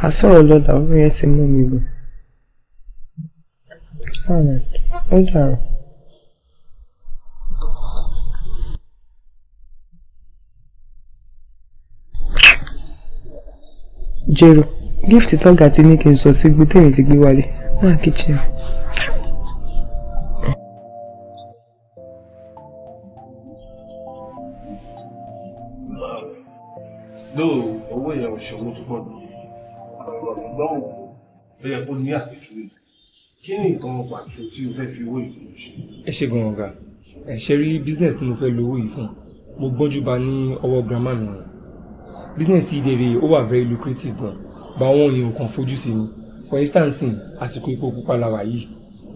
àsọ̀rọ̀ lọ́dà orí ẹ ti mú mi lò. ó dàrú. Jero gift tọ́gà ti ní kí n sọ sí gbé tèmi ti gbé wálé náà kitchen. lóò owó yẹn ò ṣòwò tó pọ̀ jù ọ̀gbọ́n ó yẹ kó ní àpèjúwe kí ni nǹkan pàtó tí o fẹ́ fi owó yìí ṣe. ẹ ṣe gan ọ̀gá ẹ ṣe rí business tí mo fẹ́ lo owó yìí fún mo gbọ́njú bá ní ọwọ́ grandma mi rìn business yìí dèrè ó wà very lucrative gan-an báwọn èèyàn kan fojú sí ni for instance àsìkò epo pupa la wà yìí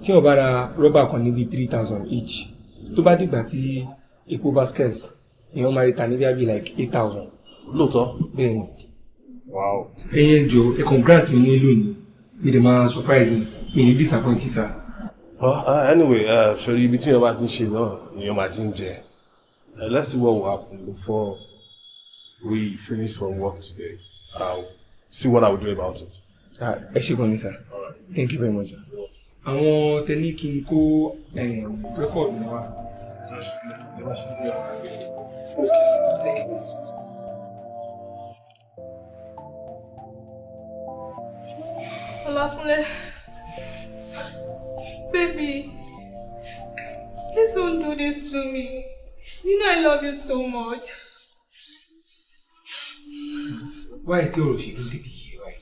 kí wọ́n bá ra rọ́bà kan níbi three thousand each tó bá dìgbà tí epo baskets èèyàn máa rí ta níbi àbí like eight thousand. lóòótọ́ bẹ́ẹ̀ ni. wow. ẹyẹ jọ ẹkàn grant mi ní lónìí mi dẹ̀ máa surprise mi ní disappointing, sir. Oh, uh, anyway sori ibi tí èèyàn bá ti ń ṣe náà èèyàn máa ti ń jẹ let's see what will happen before we finish from work today. Uh, see what I will do about it. ẹ ṣe gan ni sir thank you very much sir. àwọn tẹ́lẹ̀ kí n kó um, rẹ́kọ̀dù náà wá. Thank Baby, please don't do this to me. You know I love you so much wáyé tí ọ̀rọ̀ òṣèlú tètè yé wáyé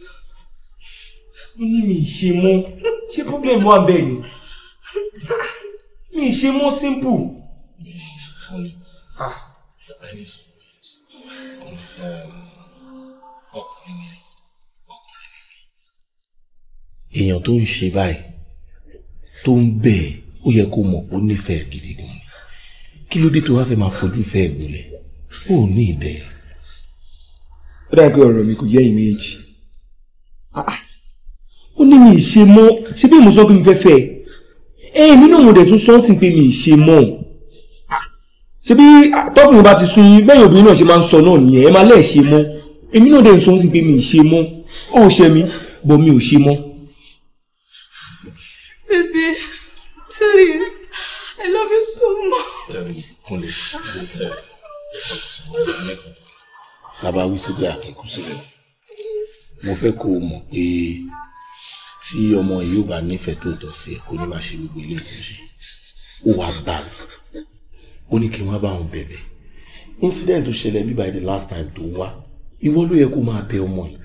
ó ní mi ìṣe mọ ṣé problem wà bẹ́ẹ̀ ni mi ìṣe mọ simple. Ah. èèyàn tó ń ṣe báyìí tó ń bẹ̀ ó yẹ kó mọ̀ pé ó nífẹ̀ẹ́ gidi gan kí ló dé tó wá fẹ́ máa fojú fẹ́ ìwúlẹ̀ ó ní ìdẹ́yà ó dàbí ọ̀rọ̀ mi kò yẹ ẹ̀yin ah, ah. ó ní mi ì ṣe mọ́ ṣé bí mo sọ pé mi ẹ eh, èmi náà mo dẹ̀ tún sọ́ọ́ pé mi ì ṣe mọ́ ah, ṣé bí tọ́kùnrin bá ti sún bẹ́ẹ̀ obìnrin náà ṣe máa ń sọ náà nìyẹn ẹ máa lẹ́ẹ̀ ṣe mọ́ èmi náà dẹ̀ sọ́ọ́ sí pé mi ì ṣe mọ́ ó ṣe mi bọ̀ mi ò ṣe mọ́. Baby, please, I love you so much tàbá wí síbẹ̀ àkẹ́kù síbẹ̀ mo fẹ́ kó o mọ̀ pé tí ọmọ yìí ò bá nífẹ̀ẹ́ tó tọ́ sí ẹ kó ní máa ṣe gbogbo ilé ìlú ṣe ó wàá bá mi ó ní kí n bá òun bẹ̀bẹ̀ incident ṣẹlẹ̀ bí by the last time tó wá ìwọ ló yẹ kó máa bẹ ọmọ yìí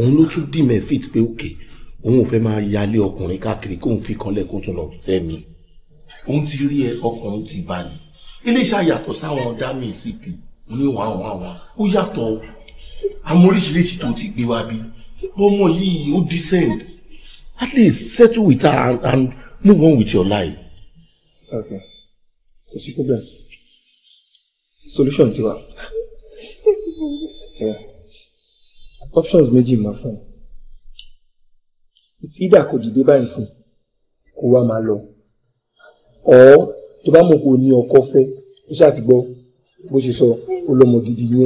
òun ló tún dì mẹ́ fit pé òkè òun ò fẹ́ máa yálé ọkùnrin káàkiri kóun fi kanlẹ̀ kó tún lọ fẹ́ mi òun ti rí ẹ ọkùnrin ti bá ní ilé iṣẹ́ àyàtọ̀ sáwọn ọ̀dá mi sí pii mo ní wàá wàá wàá ó yàtọ̀ àwọn oríṣiríṣi tó ti gbé wá bí ọmọ yìí ó decent at least settle with her and, and move on with your life. okay kò sí problem solution tiwa yeah. options méjì máa fún ẹ it's either kò dìde báyìí sìn kó wá máa lọ ọ tó bá mọ̀ pé o ní ọkọ fẹ́ o ṣáà ti gbọ́ bó ṣe sọ olómọ gidi ní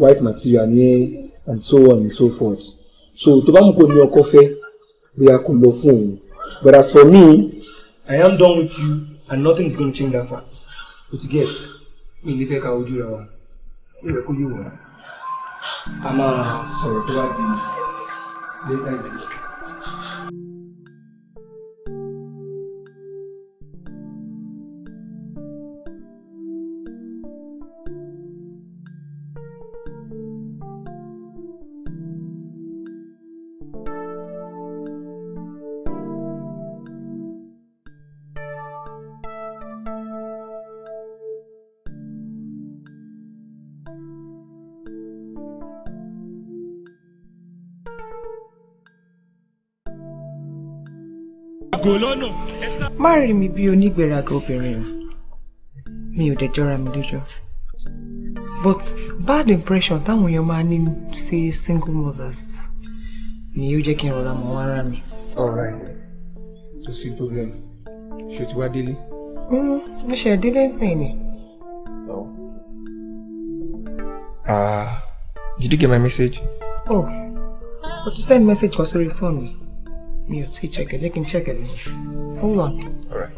white material ní and so on and so forth so tó bá mú kó ní ọkọ fẹ́ bóyá kó lọ fún òun but as for me i am done with you and nothing is going to change that fact o ti get mi ní fẹ́ ka ojú rẹ wa ó yẹ kó yé wọn a máa sọ̀rọ̀ tó bá di later in the day. má rí mi bí onígbéraga obìnrin o mi ò dẹ̀ jọra mi lójọ́ but bad impression táwọn èèyàn máa ní sí single mothers ni yóò jẹ́ kí n rọra mọ̀ wá ara mi. alright kò sí problem ṣé o ti wá délé. Mm-hmm. mo ṣe délé sìn ni. Oh. ah did you get my message. oh but tún send message kan sórí phone. mi mi ò check it. They can check it. hold on. All right.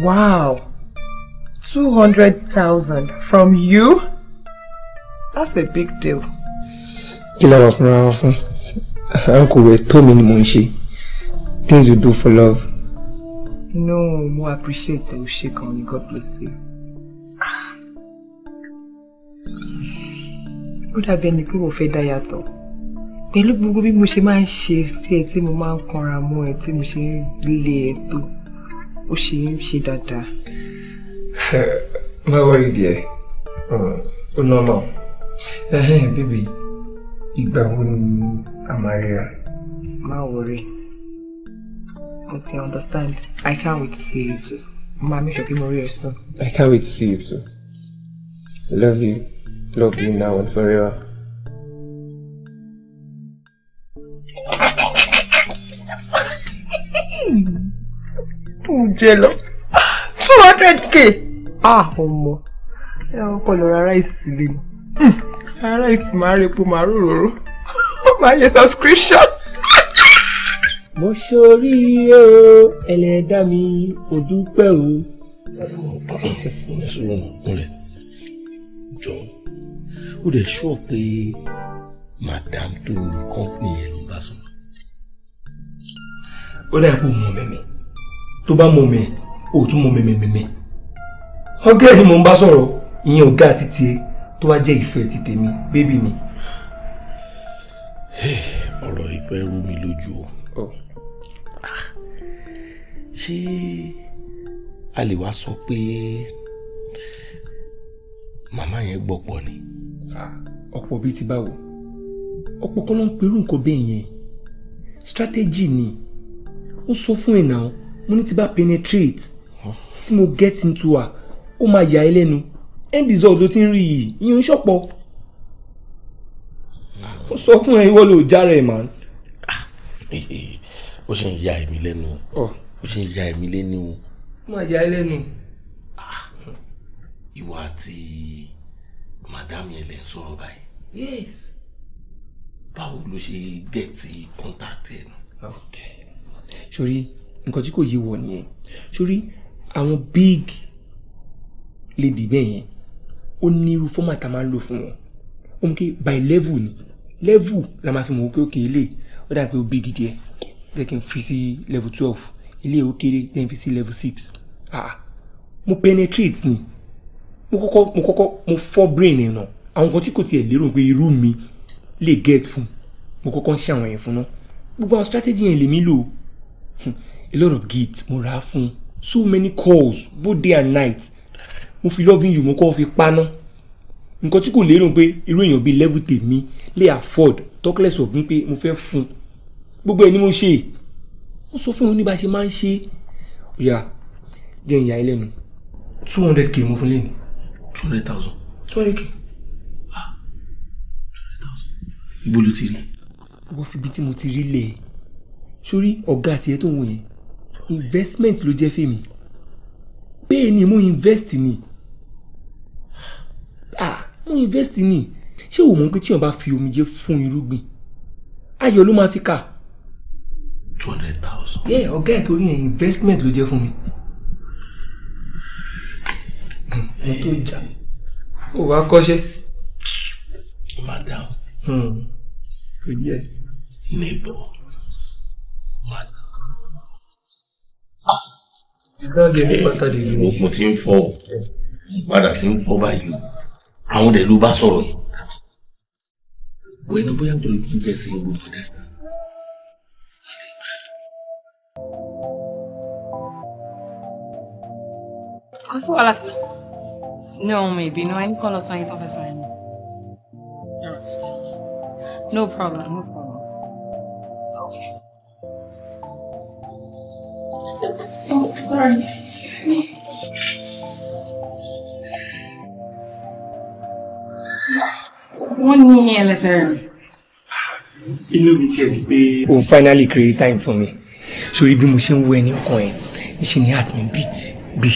Wow, 200,000 from you? That's a big deal. Kí la wà wa fún? Uncle rẹ̀ too many ni Things you do for love. No, more appreciate ẹ̀ o ṣe gan God bless you. ó dàbí ẹni pé mo fẹ́ dá yàtọ̀ pẹ̀lú gbogbo bí mo ṣe máa ń ṣe sí ẹ tí mo máa ń kanra mọ́ ẹ tí mo ṣe ń lé ẹ tó ó ṣe ń ṣe dáadáa. má wọ́n rí díẹ̀ ó ná bíbí ìgbà wo ni a máa ríra. má wọrí mo ti understand I can't wait to see you too. Màmí ṣọ̀kí mo rí ẹ sùn. I can't wait to see you too. I love you. Love you now and forever. I'm 200k. Ah, ọmọ. Ẹ ọkọ lọ ra ráìsì lé mi. Hmm, ráìsì máa repo máa rororo. Ó máa subscription. Mo ṣorí o, ẹlẹ́dá mi, ò dúpẹ́ o. Bàbá mi ò ní sùúrù nù kúnlẹ̀. Jọ̀ọ́ ó dẹ̀ ṣọ́ pé madam tó ní kọ́ńpìnì yẹn ló ń bá sọ̀rọ̀. ó dà pé mọ mẹ́mẹ́ tó bá mọ mẹ́ ò tún mọ mẹ́mẹ́ mẹ́mẹ́ ọgá ẹ̀ ni mò ń bá sọ̀rọ̀ ìyẹn ọgá àti tiẹ̀ tó wá jẹ́ ìfẹ́ ti tèmi bébì mi. ọ̀rọ̀ ìfẹ́ rú mi lójú o ah, ṣé a lè wá sọ pé màmá yẹn gbọ́pọ̀ ni. Oh. Ah ọ̀pọ̀ bíi ti báwo ọ̀pọ̀ kọ́ ló ń perú nǹkan bẹ́ẹ̀ yẹn strategy ni ó sọ fún ẹ̀ náà mo ní ti bá penetrate tí mo get into her ó máa yà ẹ́ lẹ́nu end result ló ti ń rí yìí ìyẹn ń ṣọ̀pọ̀ ah. ó sọ fún ẹ ìwọ ló jára ẹ̀ màá. Ah, ó ṣe ń ya èmi lẹ́nu ó ṣe ń ya èmi lẹ́nu. ó máa ya ẹ́ lẹ́nu. Ah. ìwà àti madam yẹn lè ń sọ̀rọ̀ báyìí. yes. báwo ló ṣe gẹ̀ẹ́tì contact ẹ̀ nù. ok sori nǹkan tí kò yé wọ nìyẹn sori àwọn big lady bẹ́ẹ̀ yẹn ó ní irú fọ́mà a máa ń lò fún wọn ó mú kí by level ni level la máa fi mọ̀ òkè òkè ilé ó dà pé ó big díẹ̀ jẹ́ kí n fi sí level twelve ilé ó kéré jẹ́ kí n fi sí level six ah, ah. mo penetrate ni mo kọ́kọ́ mo kọ́kọ́ mo fọ́ brain ẹ̀ náà àwọn kan tí kò tiẹ̀ lérò pé irú mi lè get fún mo kọ́kọ́ ń ṣe àwọn yẹn fún náà gbogbo àwọn strategy yẹn lèmi lò hmm, a lot of gifts mo rà á fún so many calls both day and night mo fi loving you mo kọ́ fi paná nǹkan tí kò lérò pé irú èèyàn bíi level tèmi lè afford talk less of mi pé mo fẹ́ fún gbogbo ẹ̀ ni mo ṣe mo sọ fún òun ní bá ṣe máa ń ṣe ó yá jẹ́ ìyá ẹlẹ́nu two hundred k mo fún lẹ́nu two hundred thousand. two k. ah two hundred thousand. ibo ló ti rí. wọ́n fi ibi tí mo ti rí lẹ̀ sórí ọ̀gá àtìyẹ tó ń wò investment ló jẹ́ fèmí bẹ́ẹ̀ ni mo invest ni ah mo invest ni ṣé o mọ̀ pé tíyàn bá fi omijé fún irúgbìn ayọ̀ ló máa fi kà. two hundred thousand. yẹ ọ̀gá ẹ̀ torí yẹn investment ló jẹ́ fún mi mo tó jà ó wá kọ́ṣẹ́. madam. ó yẹ. Nebo. Madam. ní pàtàkì ìlú. mo ti ń fọ padà ti ń fọ báyìí àwọn ọdẹ ló bá sọ̀rọ̀ yìí bueno voy a volver sin lugar. Kò sí wàhálà sí. No, maybe. No, I need to it office right now. Alright. No problem, no problem. Okay. Oh, sorry. Wọ́n ní ẹlẹ́fẹ̀ẹ́ rẹ̀. Inú mi tiẹ̀ di pé. finally create time for me. So you bring me ń wo ẹni ọkàn ẹ̀, níṣẹ́ ni heart mi beat bí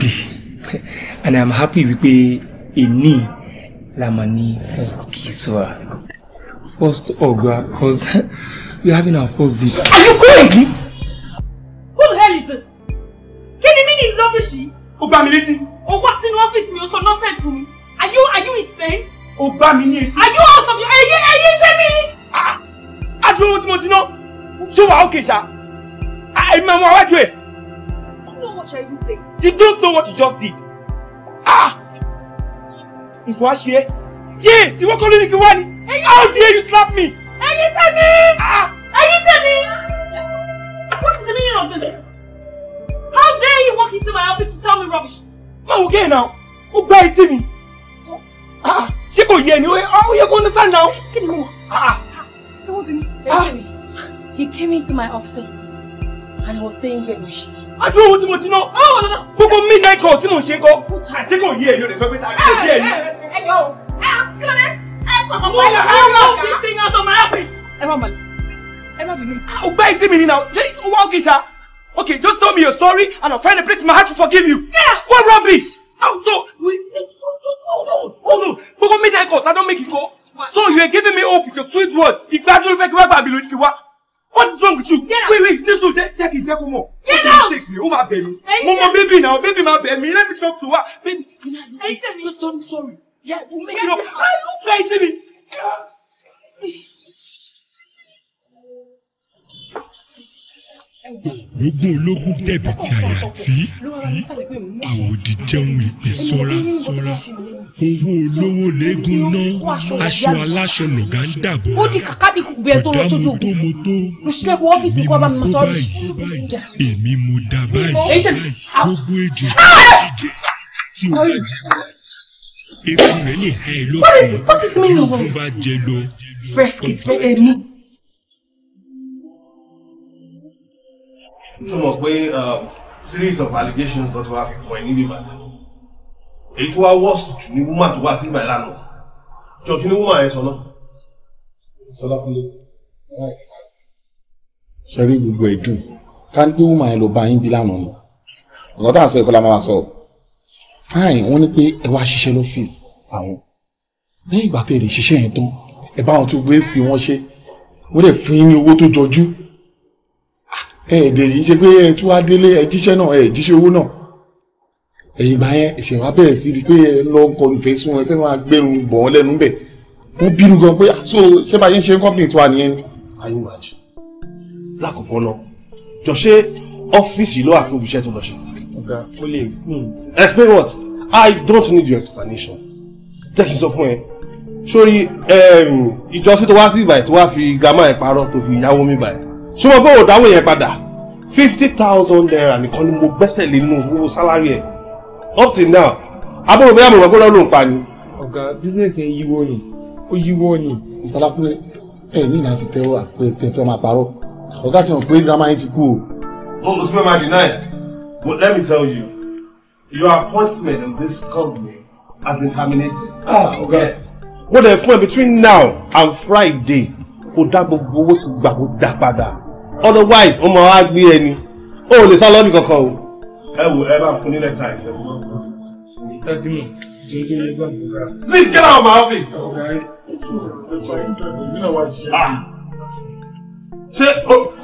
bí. and i'm happy wípé èní la máa first kiss wa first ọ̀gá cause we are having our first date. are you crazy. who the hell is this. kí ni mí ní rọ́bìṣì. ó gbá mi létí. ó wá sínú ọ́fíìsì mi ó sọ nọ́fẹ̀sì fún mi are you are you insane. ó gbá mi ní etí. are you out of your ẹyẹ ẹyẹ sẹ́mi. adúlọ owó tí mo ti ná ṣé wàá òkè ṣá èmi ah, máa mú àwájú ẹ. you don't know what you just did. Ah! nǹkan á ṣe yes ìwọ kọ́ ló ní kí wá ni how dare you slap me. ẹyin tẹ̀mí ah! ẹyin tẹ̀mí what is the meaning of this how dare you walk into my office to tell me rubbish. máa wò gẹ́yìn náà ó gbá etí mi ah, ṣé kò yẹ ni ó yẹ kó understand now. kí ni mo wọ. he came into my office and he was saying rubbish ajú owó tí mo ti ná gbogbo midnight call tí mo ṣe ń kọ́ àṣekọ̀ yìí ẹ̀yọ́ lè sọ pé tàbí ṣe díẹ̀ yìí. ẹ yọ o ẹ kílódé ẹ kọ mọ wọlé ọwọ́ ọ̀gá. ẹ má balẹ̀ ẹ má bínú. ọgbà ìtì mi ni na ṣé wọ́n kì í ṣá okay just tell me you're sorry and I'll find a place in my heart to forgive you. Yeah. what rubbish. so we just hold on hold on gbogbo midnight calls I don make it go so you are giving me hope with your sweet words ìgbádùn fẹ́ kí wọ́n gbà mí lójú wa. What is wrong with you? Get out. Wait, wait, Nisu, jẹ́ kí n jẹ́ kó mọ̀. Get out. Ó ṣe mistake mi, baby, máa bẹ̀ mí. Mo baby náà, baby máa bẹ̀ let me talk to her. Baby, just tell me sorry. Yeah, we'll make it up. Ó ka etí mi. òrógbó ológun dẹ̀bìtì àyàtí àwòdì jẹun ìpè sọ́ra owó olówó léegun náà aṣọ aláṣọ lọ̀gá ń dàbọ̀ ra ọ̀dà mo tó mo tó èmi mo kó báyìí èmi mo dà báyìí gbogbo ejò jíjẹ tí o bá jẹ eku rẹ̀ lè ha ẹ lọ́kùnrin tí o bá jẹ lọ. fresh kit fẹ́ ẹ ní. tó mọ̀ pé um, series of allegations lọ́tọ́ wá fi pọ̀ ẹ́ ìbàdàn èyí tó wá worst jù ní woman tó wá sí ìbàdàn lánàá jọ kí ni woman yẹn sọ náà. sọlákúnlé ṣe rí gbogbo ìdùn ká ní pé woman yẹn ló bá yín bí lánàá ni ọ̀gá tá à ń sọ ìkọlá máa sọ fine wọ́n ní pé ẹ wá ṣiṣẹ́ lọ́fíìsì àwọn lẹ́yìn ìgbà tẹ̀lé ṣiṣẹ́ yẹn tán ẹ bá wọn tún gbé sí wọn ṣe wọ́n lè fún yín ní owó tó jọjú ẹ èdè yìí ṣe pé ẹ tún wá délé ẹ jíṣẹ́ náà ẹ jíṣẹ́ owó náà ẹ̀yìn ìgbà yẹn ẹ̀ṣẹ̀ wá bẹ̀rẹ̀ sí i pé ẹ lọ kọ ìfẹ́ sún ẹ fẹ́ máa gbẹrun bọ̀ ọ́ lẹ́nu bẹ̀ wọ́n bínú gan pé àṣọ ah, ṣé bá yẹn ṣe company tiwa nìyẹn ni. ayé wájú lákòókò náà jọ ṣe ọ́fíìsì ló àpéwò iṣẹ́ tó lọ ṣe. ọ̀gá ó lè hmm. explain. what i don't need your explanation jẹ́ kí n sọ fún ẹ sórí ìjọsìn tó wá sí ìbàyẹ̀ tó wá fi gàmá ẹ̀ parọ́ tó fi yáwó mi bàyẹ̀ ṣùgbọ́n pé ò dáwọ́ yẹn padà fifty thousand naira nìkan ni mo gbẹ́sẹ̀ lé nínú owó sálárì ẹ̀ up till now abúlé bóyá mo mọ̀ pé lọ́dún pa ni. ọ̀gá bísíǹsì ń yíwọ́ ni ó yíwọ́ ni. mr lakule ẹ ní ìlànà ti tẹ́wọ́ àpẹẹpẹ fẹ́ máa parọ́ ọ̀gá ti hàn pé drama yẹn ti kú o. mo mọ̀ sí pé máa deny but let me tell you your appointment in this company has been terminated. ah ọ̀gá wọ́n dẹ̀ fún ẹ between now and Friday kó dá gbogbo owó tó gbà kó dá padà otherwise ó máa wá gbé ẹni ó lè sá lọ́bì kankan o. ẹ wo ẹ bá fún nílẹ̀ ta ìfẹ́ tí wọ́n kọ́. please get out of my office. ṣé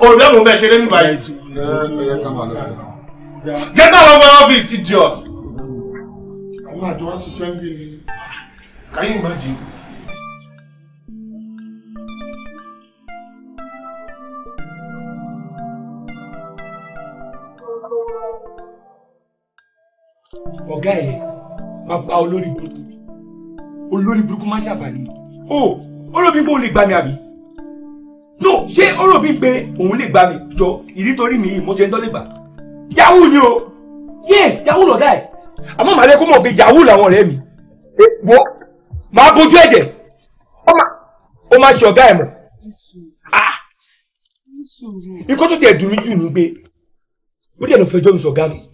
òde ọ̀gùn bẹ́ẹ̀ ṣe lé nígbà yìí. get out of my office idiot. I'm not just ṣiṣẹ́ can you imagine. ọ̀gá ẹ̀ bàbá olórí burúkú olórí burúkú má ṣàbàní o olóbi pé o lè gbà mí àbí no ṣé olóbi pé òun lè gbà mí jọ ìrítorí mi yìí mo ṣe ń tọ́ lè gbà yahoo ni o yes yahoo lọ̀dá ẹ̀ àmọ́ màá lè kó mọ̀ pé yahoo làwọn ọ̀rẹ́ mi e, wo màá bójú ẹ̀jẹ̀ ó máa ṣe ọ̀gá ẹ̀ mọ̀ ah! nǹkan tó tiẹ̀ dùn mí jù ní pé ó dẹ̀ lọ fẹjọ́ mi sọ̀gá mi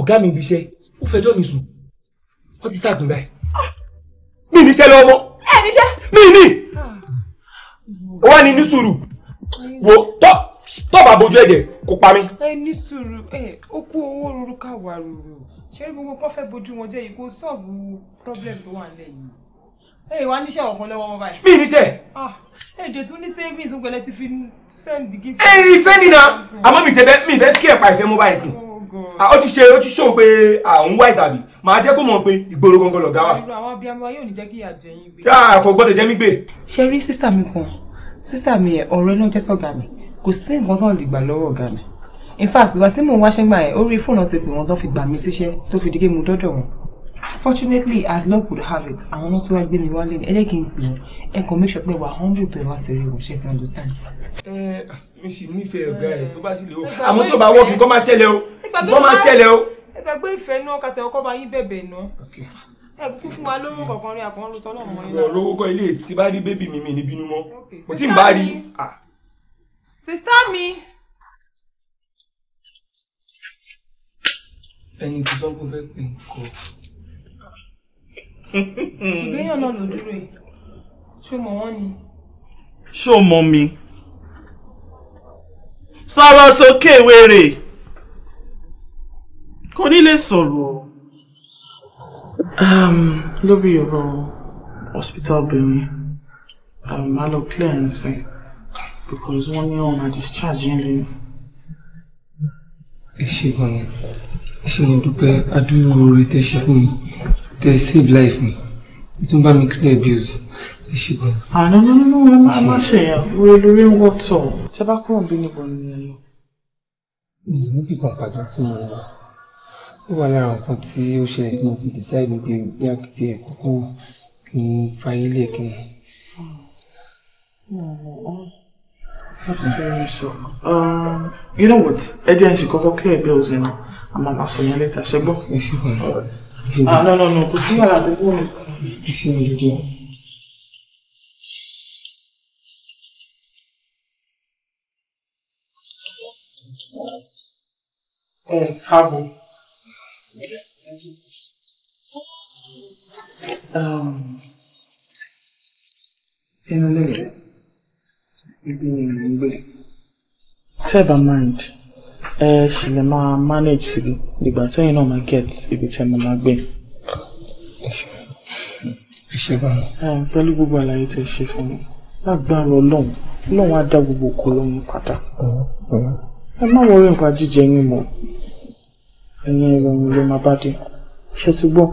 ọ̀gá mi ibi iṣẹ́ ó fẹjọ́ mi sùn wọ́n ti sáà gbìndà ẹ̀ mi níṣẹ́ lọ́wọ́ mọ́ ẹ níṣẹ́ mi ní wọ́n ní ní sùúrù wo tọ́ tọ́ bá bójú ẹ̀jẹ̀ kó pa mí. ẹ ní sùúrù ẹ ó kú owó rúru káwa rúru ṣé gbogbo kan fẹ́ bójú wọn jẹ́ yìí kó sọ́ọ̀bù problem tó wà nílẹ̀ yìí ẹ wá níṣẹ́ ọ̀kan lọ́wọ́ wọn báyìí. mi níṣẹ́. èdè ah, tún ní savings ń gbẹlẹ ti fi send gift. ẹ ìfẹ́ nínà àmọ́ mi ìfẹ́ mi ìfẹ́ kí ẹ̀ pa ìfẹ́ mobile sí oh. Ah, ó ti ṣe ó ti ṣó pé àwọn ah, wáìsì àbí màá jẹ́ kó mọ̀ pé ìgboro gangan lọ̀gá wa. irú àwọn abiyamọ yóò ní jẹ́ kí ìyàjọ yín gbé. yáà kò gbọ́dọ̀ jẹ́ mí gbé. ṣe rí sísà mi kan sísà mi ẹ̀ ọ̀rẹ́ náà jẹ́ sọ̀gá mi kò sí nǹkan tó lè gbà lọ́wọ́ ọ̀gá mi in fact ìgbà tí mò ń wáṣẹ́ gbà yẹn ó rí fóònù ti pè wọ́n tó fi gbà mí síṣẹ́ tó fi dígé mu dọ́dọ̀ wọn fortunately as luck would have it àwọn náà tí wàá gbé mi wálé ni ẹ jẹ́ kí n pè wọ́n ẹ kàn make sure pé wà hundred bẹ̀rẹ̀ wá ti rí o ṣe ti understand. ẹ eh, mi sì nífẹ̀ẹ́ ọ̀gá ẹ̀ tó bá sì lè wò àmọ́ tí ò bá wọ́ọ̀kì kọ́ máa ṣẹlẹ̀ o wọ́n máa ṣẹlẹ̀ o. ẹgbẹ́ pé ìfẹ́ náà kàtẹ́ ọkọ bá yín bẹ̀bẹ̀ náà ẹ̀kú fún wa lówó kọ̀ọ̀kan rí àkànlò tọ́lọ̀ mọ́ iná. olówó kọ́ ilé tí bá rí bébì mi mi ní bínú mọ́ kò tí ń bá rí. sista mi. ẹni tí sọ́kò fẹ́ pè ń kọ. ìgbéyàn náà ló dúró yìí ṣé mọ̀ wọ́n ni. ṣé o mọ̀ mi? sọ̀rọ̀ sókè wèrè kò ní lè sọ̀rọ̀ um, lórí ọ̀rọ̀ hospital obìnrin um, má lọ clear ẹ̀ sìn because wọ́n ní ọ̀nà discharge yẹn lẹ́nu. ẹ ṣe gan ẹ ṣe mo dúpẹ́ adúrú oore tẹ́ ṣe fún mi tẹ́ save life mi ẹ tún bá mi clear bills ẹ ṣe gan. àná nínú wọn máa má ṣe yẹn oore lórí ń wọ́tọ̀. tẹ́ bá kúrò ń bí níbo ni ẹ lọ. ìlú bíbá àpàjọ tí mo wà ó wà lára nǹkan tí ó ṣẹlẹ̀ tí mo fi decide pé bí àkìtì ẹ̀ kọ́kọ́ kí n fayé lè kí n. Hmm, um, you know what? Ẹ jẹ́ n ṣe kọ́kọ́ clear bills yẹn náà. Àmọ́ màá sọ yẹn later, ṣe gbọ́? Ah no no no, kò sí wàhálà tó fún mi. Ẹ káàbọ̀. Ẹnulẹ́lẹ̀, ibi ni mò ń gbé. mind, ẹ she lè máa manage to nígbà tẹ́yìn náà máa get ibi tẹ́ mo máa gbé. Ẹ ṣe bá mi. Pẹ̀lú gbogbo àlàyé tẹ́ ṣe fún mi, lágbára Ọlọ́run, Ọlọ́run á dá gbogbo okòó lóyún padà. Ẹ má wọrí nǹkan jíjẹ yín mọ́ ẹ̀yìn ìrọ̀rùn ló máa bá dé ṣe ti gbọ́.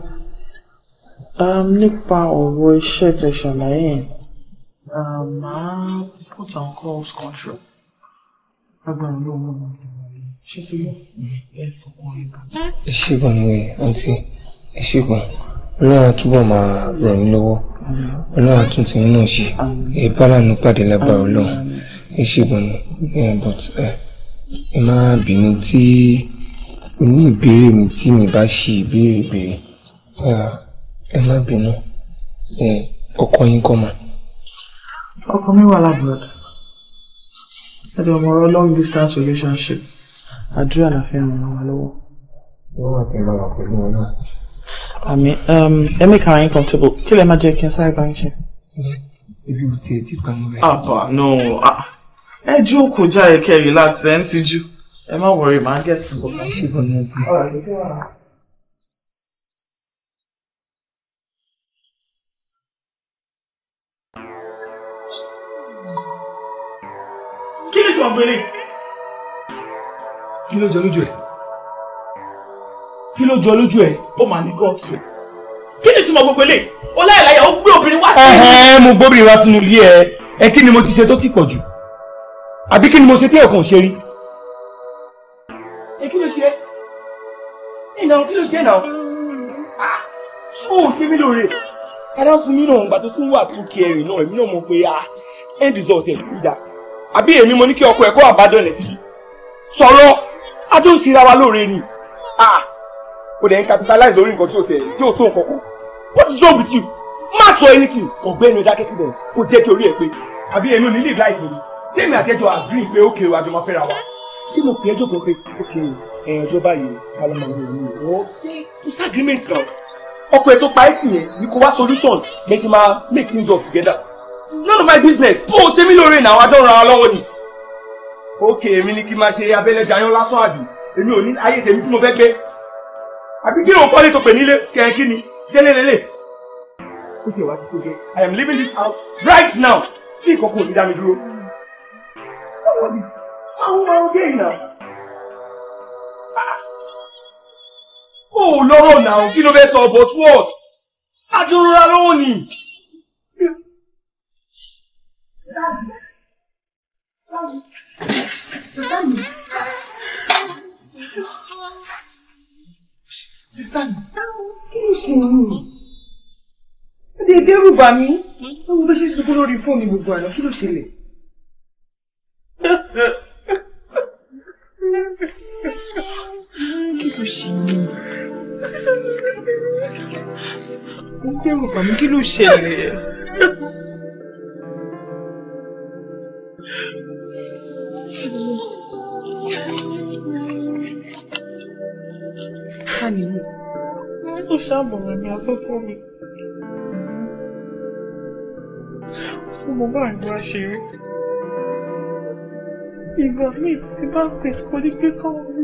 Um, nípa ọ̀rọ̀ iṣẹ́ tẹ ṣàlàyé yẹn um, màá put on calls control agbára ló wọ́n mọ́ ṣe ti gbọ́ ẹ fọkàn ẹ bá. ẹ ṣe gan ni àǹtí ẹ ṣe gan ọlọ́run túbọ̀ máa ràn yín lọ́wọ́ ọlọ́run àtúntì yín náà ṣe ẹ bá lànà pàdé lágbára ọlọ́run ẹ ṣe gan ni but eh, ẹ má bínú tí ní ìbéèrè mi tí mi bá ṣe ìbéèrè béèrè ẹ má bínú ọkọ yín kọ́ mà. ọkọ mi wà lábúrọ̀dà ẹ̀dọ̀ ọmọ ọ̀rọ̀ long distance relationship àdúrà la fi ràn wá lọ́wọ́. wọ́n wà pẹ̀lú àwọn pẹ̀lú wọn náà. àmì um, ẹ mẹ́ka ara yín comfortable kí lè má jẹ́ kí n sáré bá ń ṣe. ibi ò tiẹ̀ ti pa mi rẹ̀. àbà náà ah, ẹ jókòó jáde kẹ́ relax ẹ̀ ń tijú ẹ má wọrí màá gẹ̀ tí nǹkan kan sí bọ̀ yẹn sí. kí ni sọ̀rọ̀ gbélé. kí ló jọ lójú ẹ̀ kí ló jọ lójú ẹ̀ ó mà ní gọ́ọ̀kì kí ni sọ̀rọ̀ gbogbo eléyìí ọláìláyà ó gbé obìnrin wá sínú. ẹhẹn mo gbóbìnrin wá sínú ilé ẹ ẹ kí ni mo ti ṣe tó ti pọ̀ jù àbí kí ni mo ṣe tí ẹ̀kan ò ṣe rí. náà kí ló ṣe náà ah, ó ṣe mí lóore ara fún mi náà ìgbà tó tún wà tó kẹrin náà èmi náà mọ̀ pé ah, end result ẹ̀ ìdá àbí èmi mo ní kí ọkọ ẹ̀ kó àbádọ́ ẹ̀ síbi sọ̀rọ̀ adó ń ṣera wa lóore ni ó ah, dẹ̀ ń capitalize orí nǹkan tí ò tẹ̀ tí ò tó nǹkan kan what is wrong with you má sọ anything kò gbé ẹnu dákẹ́ sílẹ̀ kò jẹ́ kí orí ẹ̀ pé àbí ẹnu nílé láìpẹ́ ṣé èmi àtẹ́jọ́ agree pé ó kéré àjọmọ́ fẹ́ra wa ṣé mo pè é jókòó pé ókè ẹ̀ẹ́dọ́ báyìí kálọ́mọ̀ ọ̀hún ọ̀hún kò sí agreement náà ọkọ̀ ètò pàẹ́tì yẹn ni kò wá solution bẹ́ ṣe máa make things work together it's none of my business ó ṣe mí lóore ìnáwó àjọ ìrànwọ́ lọ́wọ́ ni. ókè èmi ni kí n máa ṣe abẹ́lẹ̀ jayán lásán àbí èmi ò ní ayé tèmi tí mo fẹ́ gbé àbí kí lóun kọ́lé tó pè nílé kẹ̀kí ni délélélé. ó ti wá sí tó gẹ́ I am leaving this house right now kí ìkọ̀kọ̀ ò ní dá mi dúró. báwo ni àwọn ọdẹ ìnà. Ah. ó lọ́rọ̀ náà kí ló fẹ́ sọ but what? àjọrora lọ́wọ́ ni. Sísá mi, kí ló ṣe yín? Ẹ̀dẹ̀ ìdẹ́rù bà mí. Báwo ló ṣe ṣubú lórí fóònù gbogbo àná? Kí ló ṣẹlẹ̀? kí ló ṣe yín mo bẹ̀rù bà mí kí ló ṣẹlẹ̀. Kani mi, ó ṣàbọ̀rọ̀ mi àtọ́kọ́ mi. Mo bá ìgbà míì tí bá pè kò ní pé káwọn mi.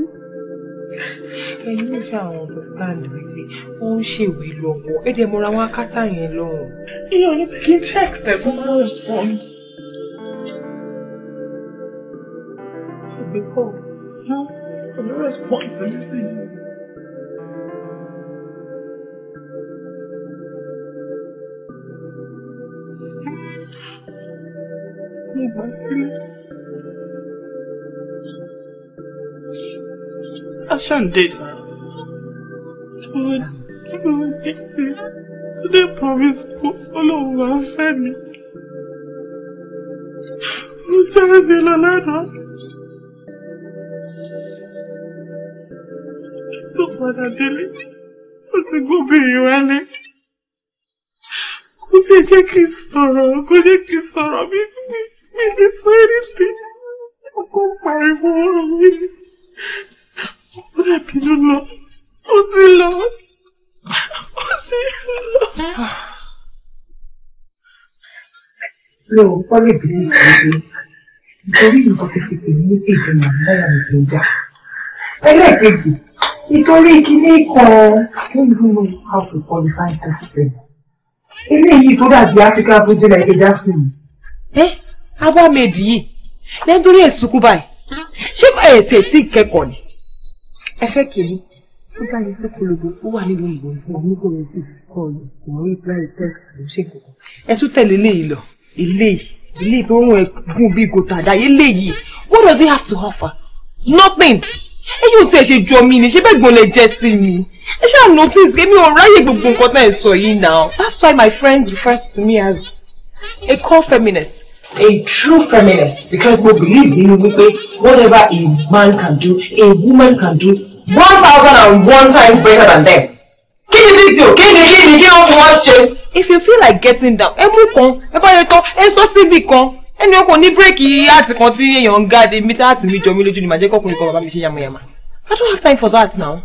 ẹyin ò ṣe àwọn ọ̀dọ́ sáàlì wípé ó ń ṣèwé lọ́wọ́ ẹ̀dẹ̀ mọ́ra wọn akátá yẹn lọ́rùn. iye ò ní pé kí n text ẹ̀ kó respond. Shandid. Lord, Lord, today promise Ọlọ́run wà á fẹ́ mi. Mo jáde sí lọ́lọ́dọ̀. Tó padà délé, ó ti gbóbìnrin wálé. Kò sí jẹ́ kí n sọ̀rọ̀, kò jẹ́ kí n sọ̀rọ̀ mi mi mi sọ èrè sí. Ọkọ̀ pariwo ọ̀rọ̀ mi ni ó dàbí ló lọ ó ti lọ ó sì lọ. lóòótọ́ lè bí mi lọ́wọ́ nítorí nǹkan kékeré ní èdè nàìjíríà mi ti ń jà ẹlẹ́ẹ̀kejì nítorí kíní kan nínú house of qualified president eléyìí tó dàbí Africa fúnjẹ nàìjíríà fún mi. ẹ abọ́ mi èdè yìí lẹ́ńdúrí èsùkú báyìí ṣé kò ẹ̀ tètè kẹ́kọ̀ọ́ ni ẹfẹ kejì nípa ní sí kolobo ó wà níbi ìgbòho oníkó rẹ sì kọ kò mú reply text ló ṣe kókó ẹ tún tẹ̀lé ilé yìí lọ ilé yìí ilé tó ń gùn bí gòtà àdáyé lè yìí what does he have to offer nothing ẹ yóò tiẹ̀ ṣe jọ mi ni ṣé bẹ́ẹ̀ gbọ́n lè jẹ́ sí mi ẹ ṣáà notice èmi ò ráyè gbogbo nǹkan tá ẹ sọ yìí now that's why my friends refer to me as a core feminist a true feminist because we believe in wípé whatever a man can do a woman can do one thousand and one times better than them. kí ni big deal kí ni kí ni kí ló fi wọ́n ṣe. if you feel like getting down ẹ mú kan ẹ bá yẹ tán ẹ sọ síbì kan ẹni ọkọ ní bírèkì àti kan tí èèyàn ń gáde mi láti mi jọ mi lójú ni màá jẹ́ kọkùnrin kan bàbá mi ṣe yamayama I don't have time for that now.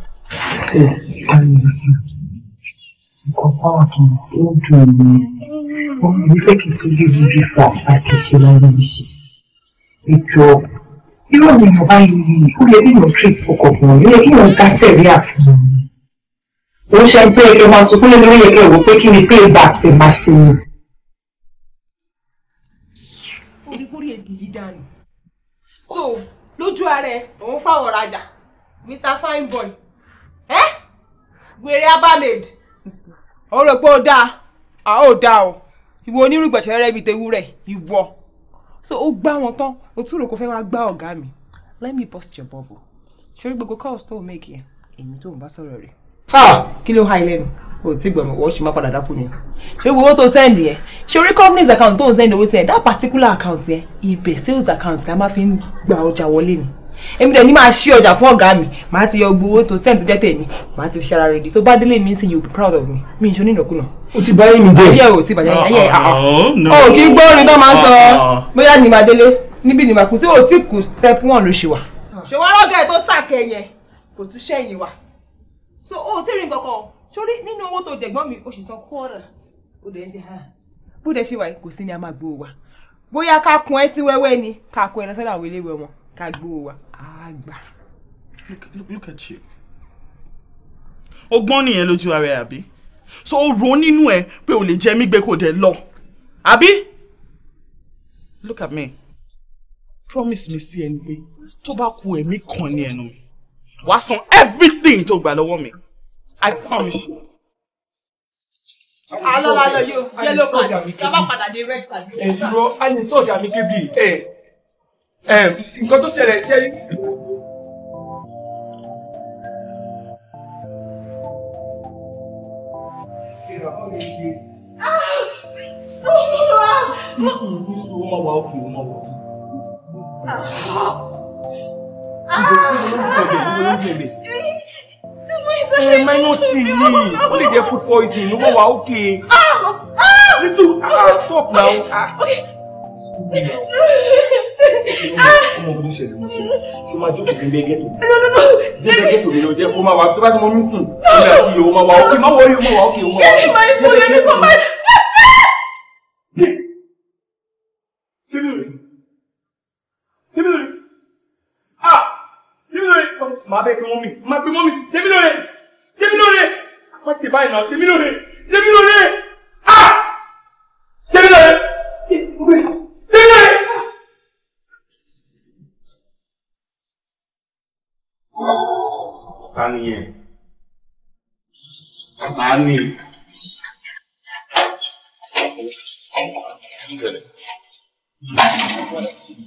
ṣe ìtàn ìrẹsì nǹkan pàwọ̀ tó ń dùn ní. Mo que kí ìtọ́jú gidi fa àtẹ̀sí lọ́wọ́ mi sí. Ìjọ irú àwọn èèyàn báyìí ni ó yẹ kí èèyàn treat ọkọ̀ fún wọn, ó yẹ kí èèyàn dá sẹ̀ríà fún wọn. Òun ṣe pé ẹ̀kẹ́ máa sunkún lórí ẹ̀kẹ́ wò pé kí ni pé ìgbà tè máa ṣe ni. Orí kórè èsì yìí dànù. So lójú ara òun fáwọn rajà Mr Fine Boy. Ẹ́ wèrè abámẹ́d. Ó rò pé ó dáa a ó dá o ìwọ onírúgbẹ̀sẹ̀ rẹ bíi tewúrẹ́ ìwọ so ó gbá wọn tán o tún rò kó fẹ́ wá gbá ọ̀gá mi let me burst your bubble ṣorí gbogbo calls tó o make yẹn èmi tó ń bá sọ̀rọ̀ rẹ̀. kí ló ha ilé nu o ti gbọ̀mọ̀ wọ́n ṣì máa padà dákú ni. ṣé owó tó send yẹn ṣorí company's account tó ń send owó send that particular account yẹn ibẹ̀ sales account la máa fi ń gba ọjà wọlé ni èmi dẹ̀ ní máa ṣí ọjà fún ọ̀gá mi màá ti yọ gbowó tó send tó jẹ́ tèmi màá ti fi ṣara rèdí tó bá délé mi sí you be proud of me mi ìṣó nínàkúnà o ti báyé mi jẹ ayé o ti bàjẹ́ ayé àhọ́ o kì í gbọ́ orin tó máa ń sọ uh-uh. bóyá ni màá délé níbi ni màá kú sí o tí kù step one ló ṣe wà. ṣòwò ọlọ́gà ẹ̀ tó sàkẹ́ yẹn kò tún ṣẹ́yìn wa so o ti rìn kankan sórí nínú owó tó jẹ̀gbọ́n mi o sì san kọ́ọ̀rà o dẹ̀ ṣe hàn bó dẹ̀ ṣe wà kò sí ni a máa gbowó wa bóyá ká kun ẹ sí wẹ́wẹ́ ni ká kun ẹran sọ́dọ̀ àwọn eléwẹ́ wọn ká gbowó wa á look look at you ọgbọ́n nìyẹn lójú so ó ro nínú ẹ pé o lè jẹ mí gbé kò dé lọ àbí look at me promise me sí ẹni pé tó bá ku ẹ̀mí kan ní ẹnu mi wàá san everything tó gbà lọ́wọ́ mi i promise. Alọ́ lálọ́ yóò yẹ́lò padà yàrá padà dé red padà. Ẹ̀dúró, a ní sọ́ọ̀dà mi kébì. Ẹ ẹ̀ nǹkan tó ṣẹlẹ̀ ṣe ṣe. Bísí bísí stop now ọmọ ọdún ṣẹlẹ̀ mo ṣe ṣe máa jókòó kí n bẹ gẹ́tò jẹ́ bẹ gẹ́tò mi lọ jẹ́ kó máa wà tó bá ti mọ mí sùn nígbà tí o máa wà ókè má wọrí o máa wà ókè o máa wà ókè. kí ni màá fún yẹn nípa máa. ṣé mi rè ṣé mi rè ah ṣé mi rè máa bẹ pé mọ́mì máa pé mọ́mì ṣé mi rè ṣé mi rè má ṣe báyìí náà ṣé mi rè ṣé mi rè. nìyẹn màá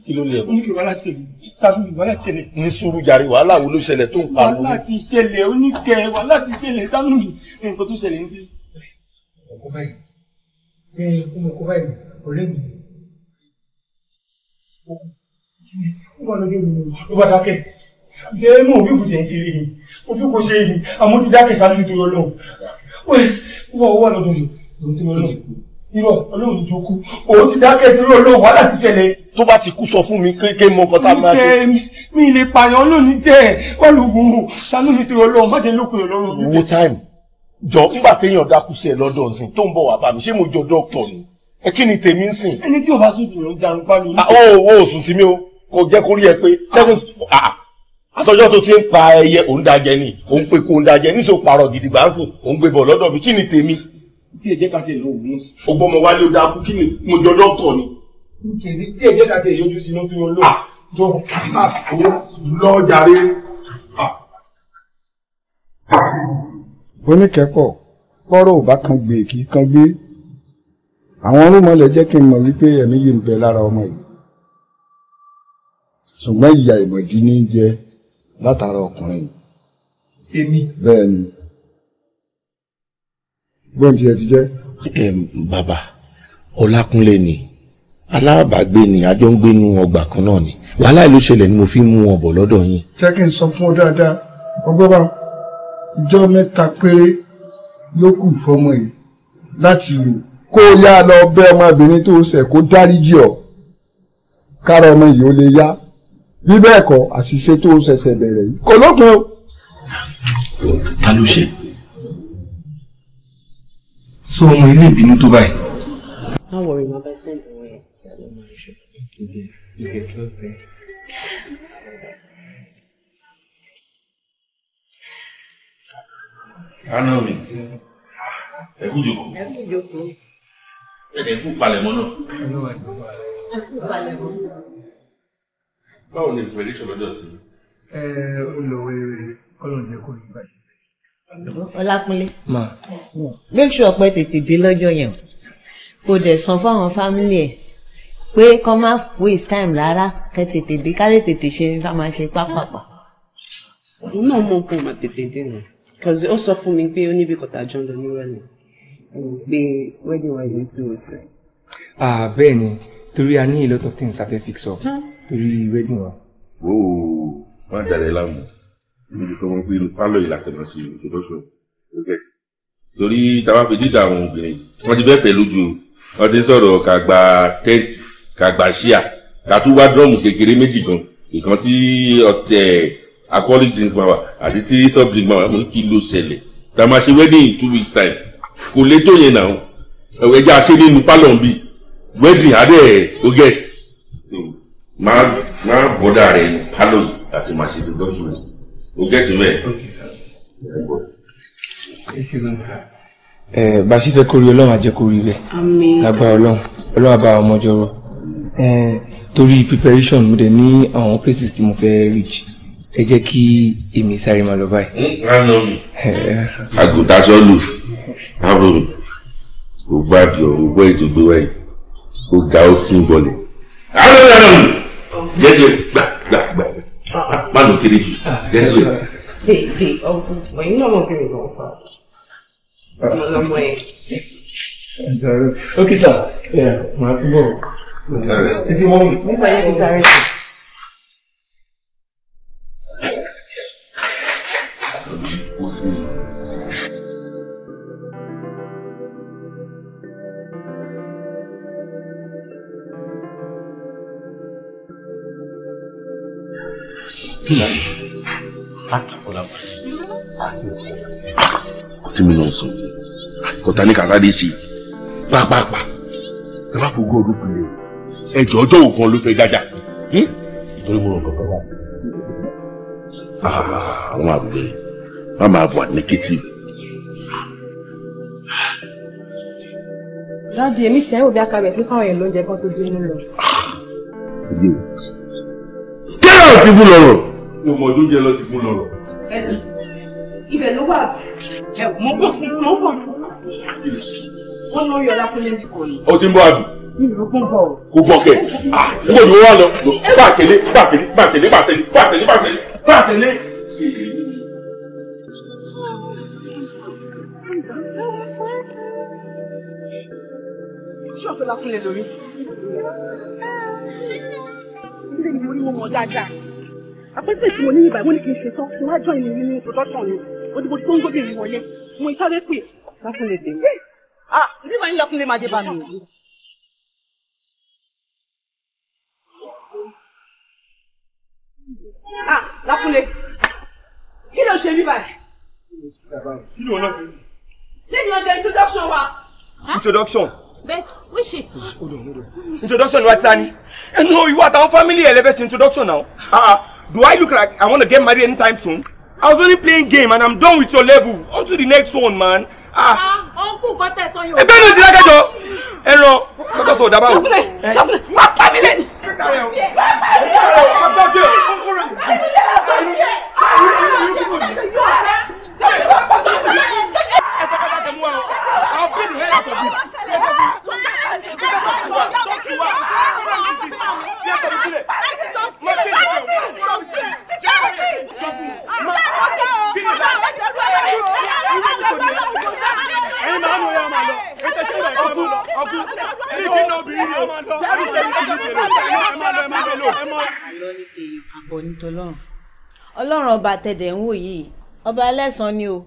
kí ló lè bọ́. ní wàhálà ti ṣẹlẹ̀ sábì wàhálà ti ṣẹlẹ̀. ní sùúrù jàre wàhálà wo ló ṣẹlẹ̀ tó ń pa lórí. wàhálà ti ṣẹlẹ̀ oníkẹ wàhálà ti ṣẹlẹ̀ sánú nǹkan tó ṣẹlẹ̀ ń ọkọ báyìí ẹ ọmọ ọkọ báyìí ọ̀rẹ́ mi ó bá lọ dé mi ló bá dákẹ́ jẹ́ mọ̀ bí kò ń ṣe rí mi òfin kò ṣe èyí àmọ́ ti dákẹ́ sáré nítorí ọlọ́run wọ́n wọ́n lọ́dọ̀ mi lòun tó lọ́dọ̀ irọ́ ọlọ́run ló kú òun ti dákẹ́ nítorí ọlọ́run wàhálà ti ṣẹlẹ̀. tó bá ti kú sọ fún mi kéèké mọ nǹkan tá a máa ṣe. mi lè pààyàn lónìí jẹ wọn ló wù ú sánú nítorí ọlọ́run má jẹ́ lópin ọlọ́run. wo time jọ ńgbà téèyàn dákú sí ẹ lọ́dọ̀ nsìn tó ń bọ̀ wá bá mi ṣé mo jọ dókítà ni ẹ kí ni tèmi ń sìn. ẹni tí o bá sùn tì mí ó ń jarun pálí. Ah, ó ò sùn tì mí o kò jẹ́ kó rí ẹ pé ah àtọjọ́ tó ti ń pa ẹyẹ òun dájẹ ni òun pe kó òun dájẹ níṣó parọ́ gidi gbà ń sìn òun gbé bọ̀ lọ́dọ̀ mi kí ni tèmi. tí ẹ jẹ́ ká tiẹ̀ lóògùn náà. ọgbọ́n ọmọ wálé ó dáa kú kí ni mo jọ dọ́tọ̀ ni. kìdí tí ẹ jẹ́ ká tiẹ̀ yọjú sínú tó yọ lọ. jọ lọ jàre. oníkẹ́kọ̀ọ́ bọ́rọ̀ ò bá kan gbé kì í kan gbé àwọn ọlọ́mọlẹ̀ jẹ́ kí n mọ̀ wípé ẹ̀mí yìí ń bẹ lára ọmọ yìí ṣùgbọ́n ìyá ìmọ̀dí ní í jẹ́ látara ọkùnrin yìí. èmi. bẹ́ẹ̀ ni gbọ́n tiẹ̀ ti jẹ́. bàbá ọlákúnlé ni alábàágbé ni àjọ ń gbénu ọgbà kan náà ni wàhálà ìlú ṣẹlẹ̀ ni mo fi ń mú ọbọ̀ lọ́dọ̀ yín. jẹ́ kí n sọ fún ọ dáadáa ọgbọ́n bá ìjọ mẹ́ta péré ló kù fọmọ yìí láti lò kó yá lọ bẹ ọmọbìnrin tó ṣẹ̀ kó dáríjì ọ kára ọmọ yìí ó lè yá bí bẹ́ẹ̀ kọ́ àṣìṣe tó ṣẹ̀ṣẹ̀ bẹ̀rẹ̀ yìí kò lópin o. ta ló ṣe sọ ọmọ ilé ìbínú tó báyìí. má wọrí má bá sẹ́ǹdì wọ̀ ẹ́ ló máa ń ṣe. Àná mi, ẹ̀kú jòkó. Ẹ̀kú jòkó. Ẹ̀kú palẹ̀mọ́ náà. Ẹ̀kú palẹ̀mọ́ náà báwo ni expedition lọ́dọ̀ tí. ẹ ó lọ wẹrẹ Ọlọ́run jẹ báyìí. Ọlákúnlé make sure pé tètè dé lọ́jọ́ yẹn kò dẹ̀ san fáwọn fámílì ẹ̀ pé kọ́ má waste time rárá kẹ́ tètè dé ká lè tètè ṣe ní ká máa pápápá. náà mo kàn máa tètè dé nù kọ́sì ó sọ fún mi pé ó níbi kọ́tà jọ ń lọ ní wẹ́lẹ̀ pé wedding wa yìí tó o ah, bẹ́ẹ̀ ni torí a ní a lot of things that we fix up. Hmm torí wedding wa. ooo má dàrẹ láàmú níbi tó wọn pé pálọ yìí láti máa ṣe introduction project torí táwa fi dídà àwọn obìnrin wọn ti fẹ́ pẹ̀ lójú wọn ti ń sọ̀rọ̀ ká gba tent ká gba ṣíà ká tún wá drum kékeré méjì gan ìkan tí ọ̀tẹ̀ alcoholic drinks máa wà àti tí soft drink máa wà mo ní kí ló ṣẹlẹ̀ tá a máa ṣe wedding in two weeks time kò lè tó yẹn náà ẹ̀jẹ̀ àṣẹ nínú pálọ̀ ń wedding adé o get máa máa bọ́dà rẹ̀ ní pálọ̀ yìí àti máa ṣe production yìí o get me. ẹ bá a ṣe fẹ́ kórè ọlọ́run àjẹ́ kórè rẹ̀ lágbára ọlọ́run ọlọ́run àbá ọmọ jọrọ torí preparation mo dẹ̀ ní àwọn places tí mo fẹ́ reach ẹ jẹ́ kí èmi sáré máa lọ báyìí. àgùntàn sọ́ọ̀lù àbúrò mi ò gbádùn ò gbọ́ ètò gbé wáyé ó ga ó símbọ̀lì. alóòrán Jésù gbà gbà gbà má lọ kiri jù Jésù. Dè dè ọ̀gbìn wọ̀nyí náà mọ̀ kí mi lọ fà á lọ́mọ ẹ̀. Okay sir, máa túbọ̀. Títí wọ́n mú. Nípa yẹn kí sáré sí. fìlà yìí látàkọ́lá wà àti ọ̀sẹ̀. ọtí mi náà sọ kọta ní kàsádé ṣe pápápá ẹ má fún góòlù pèlè ẹ jọ ọjọ́ òkan ló fẹ́ jájà torí mo rò kankan wà. àwọn àbúrò yìí wọ́n máa wà negative. dáàdi èmi tiẹ̀ ń wò bí akabẹ̀ sí fáwọn èèyàn lóúnjẹ kan tó dúró lọ. ilé o. kí ló ti fún lọ́rùn mo mọ ojú jẹ lọ sí fún lọrọ. ibẹ̀ ló wà mo bọ̀ sí mo bọ̀ sí wọ́n lórí ọ̀la kúnlé ní kò ní. ó ti ń bọ̀ àbí. kò gbọ́ kẹ̀ níbo ni wọ́n wá lọ bá tẹ̀lé bá tẹ̀lé bá tẹ̀lé bá tẹ̀lé bá tẹ̀lé bá tẹ̀lé bá tẹ̀lé. ṣọ́ọ̀fẹ́ la kúnlé lórí. ilé ìwé ni mo mọ̀ dáadáa àpẹẹsẹ tí mo ní ibà mo ní kì í ṣe tán mo wá join mi ní production ni odibo tó ń gbóbi mi wọlé mo ìsáré pè lákúnlẹ̀ dé. ah bí màá ń lọkùnrin máa jẹ bá mi. ah lákúnlẹ̀ kí ló ṣe mí báyìí. kí ló ń lọ sí. kí ni ọjọ́ introduction wa. introduction. bẹ́ẹ̀ wíṣì. hold on hold on introduction wa ti ta ni ẹnu ìwà àtàwọn fámìlì ẹ̀ lẹ́fẹ̀ẹ́ sí introduction náà. Ah, ah. Do I look like I want to get married anytime soon? I was only playing game and I'm done with your level. On to the next one, man. Ah, uncle got that on your. Ebe no si lagajo. Ẹran, kọ́kọ́ sọ ọ̀dàbà o. Má pa mi lẹ́nu. I'll put the head out of you ọlọ́run ọba tẹ̀dẹ̀ ń wò yìí ọba ẹlẹ́sàn-án ni o.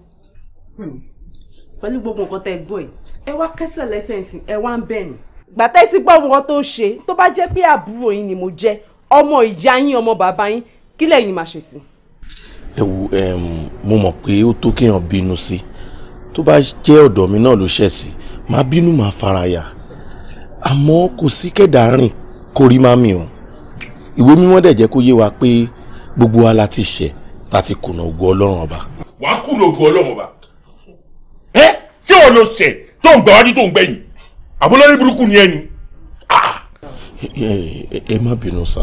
pẹ̀lú gbogbo nǹkan tẹ́ gbọ́ yìí ẹ wá kẹsẹ̀ lẹ́sẹ̀ nsìn ẹ wá ń bẹ̀ mí. gbàtà ẹ ti gbọ́ nǹkan tó ṣe tó bá jẹ́ pé àbúrò yín ni mo jẹ́ ọmọ ìyá yín ọmọ bàbá yín kí lẹ́yìn máa ṣe sí. ẹ wo mo mọ̀ pé ó tó kéèyàn bínú sí tó bá jẹ́ ọ̀dọ̀ mi náà ló ṣẹ̀ sí máa bínú máa faraya àmọ́ kò sí kẹ̀dá rìn kó rí má mi o ìwé mímọ́ dẹ̀ jẹ́ kó yé wa pé gbogbo wa la ṣẹ̀ ta ti kùnà ògo ọlọ́run ọba. wàá kùnà ògo ọlọ́run ọba ẹ tí ò lọ ṣẹ̀ tó ń gbàwájú tó ń gbẹ̀yìn àbúlọ́rí burúkú ni ẹni. Ah! ẹ má bínú sá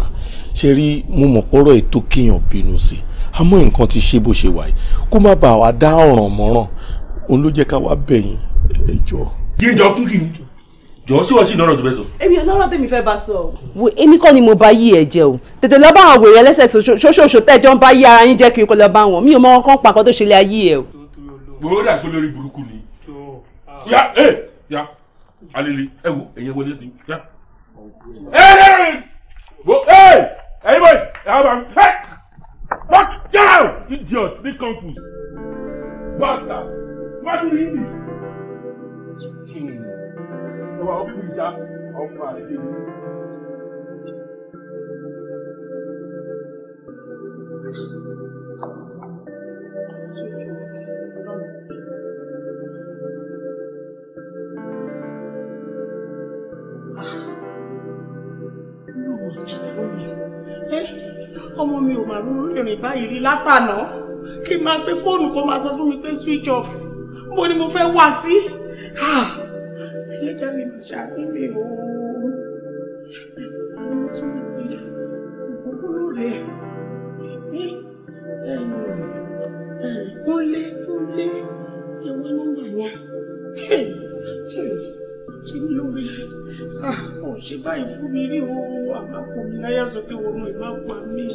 ṣe rí mo mọ̀ pọ́rọ̀ ètò kéèyàn bínú sí àmọ́ nǹkan ti ṣe bó ṣe wà yìí kó má bàa wá dá ọ̀ràn mọ́ràn òun ló jẹ́ ká wá bẹ̀yìn ẹ jọ. jíjọ kún kí ni jọ sí wọn sí ìnáwó tó fẹ́ sọ. èmi ọlọ́rọ̀ tèmi fẹ́ bá sọ. wo èmi kọ́ ni mo bá yí ẹ jẹ o tètè lọ bá àwọn wèrè ẹlẹ́sẹ̀ ṣoṣooṣo tẹ́jọ́ ń bá yí ara yín jẹ́ kiri kọ́ lọ bá wọn mi ò mọ ọkàn pàkọ́ tó ṣe lè ayé ẹ o. gbogbo dàgbò lórí burúkú ni Ah. ya ee eh, ya alele ẹ wo ẹ̀yin wọlé sí ya. ee eh, eh, wo ee ẹ̀yin boys ẹ wá bá mi hey watch down idiot be confused bastard what do you leave me. ọba ọbí mi já ọmọ àlejò mi. Thank you. ìyàwó mi ọmọ mi ò máa rúrú ìrìn báyìí rí látànà kí n máa gbé fóònù kó máa sọ fún mi pé switch off mo ni mo fẹ́ wá sí ẹlẹ́dàá mi mà ṣàánú mi o. àwọn tó ń gbèrè òkúrò rẹ̀ kúnlé kúnlé ìwé nọ́mbà yẹn ṣe mí lóore ò ṣe báyìí fún mi rí o àbákò mi láyà sókè wọnú ìbá pa mí.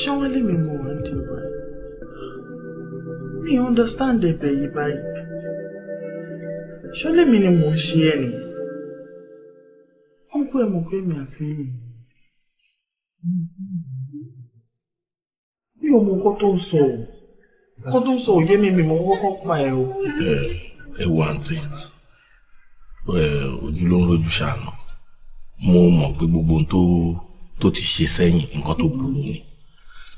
ṣé mi mọ̀ wá ní ọba mi understand ẹ̀bẹ̀ yìí báyìí ṣé lè mi ni mò ń ṣe ẹ̀ nìyẹn wọ́n kó ẹ̀ mọ̀ pé mi àti ẹ̀yìn mi ò mọ nǹkan tó ń sọ o nǹkan tó ń sọ òye mi mi mọ kọ́kọ́ pa ẹ o. ẹ wo àǹtí ojú ló ń rojú ṣàánú mo mọ̀ pé gbogbo ohun tó tó ti ṣe sẹ́yìn nǹkan tó burú ni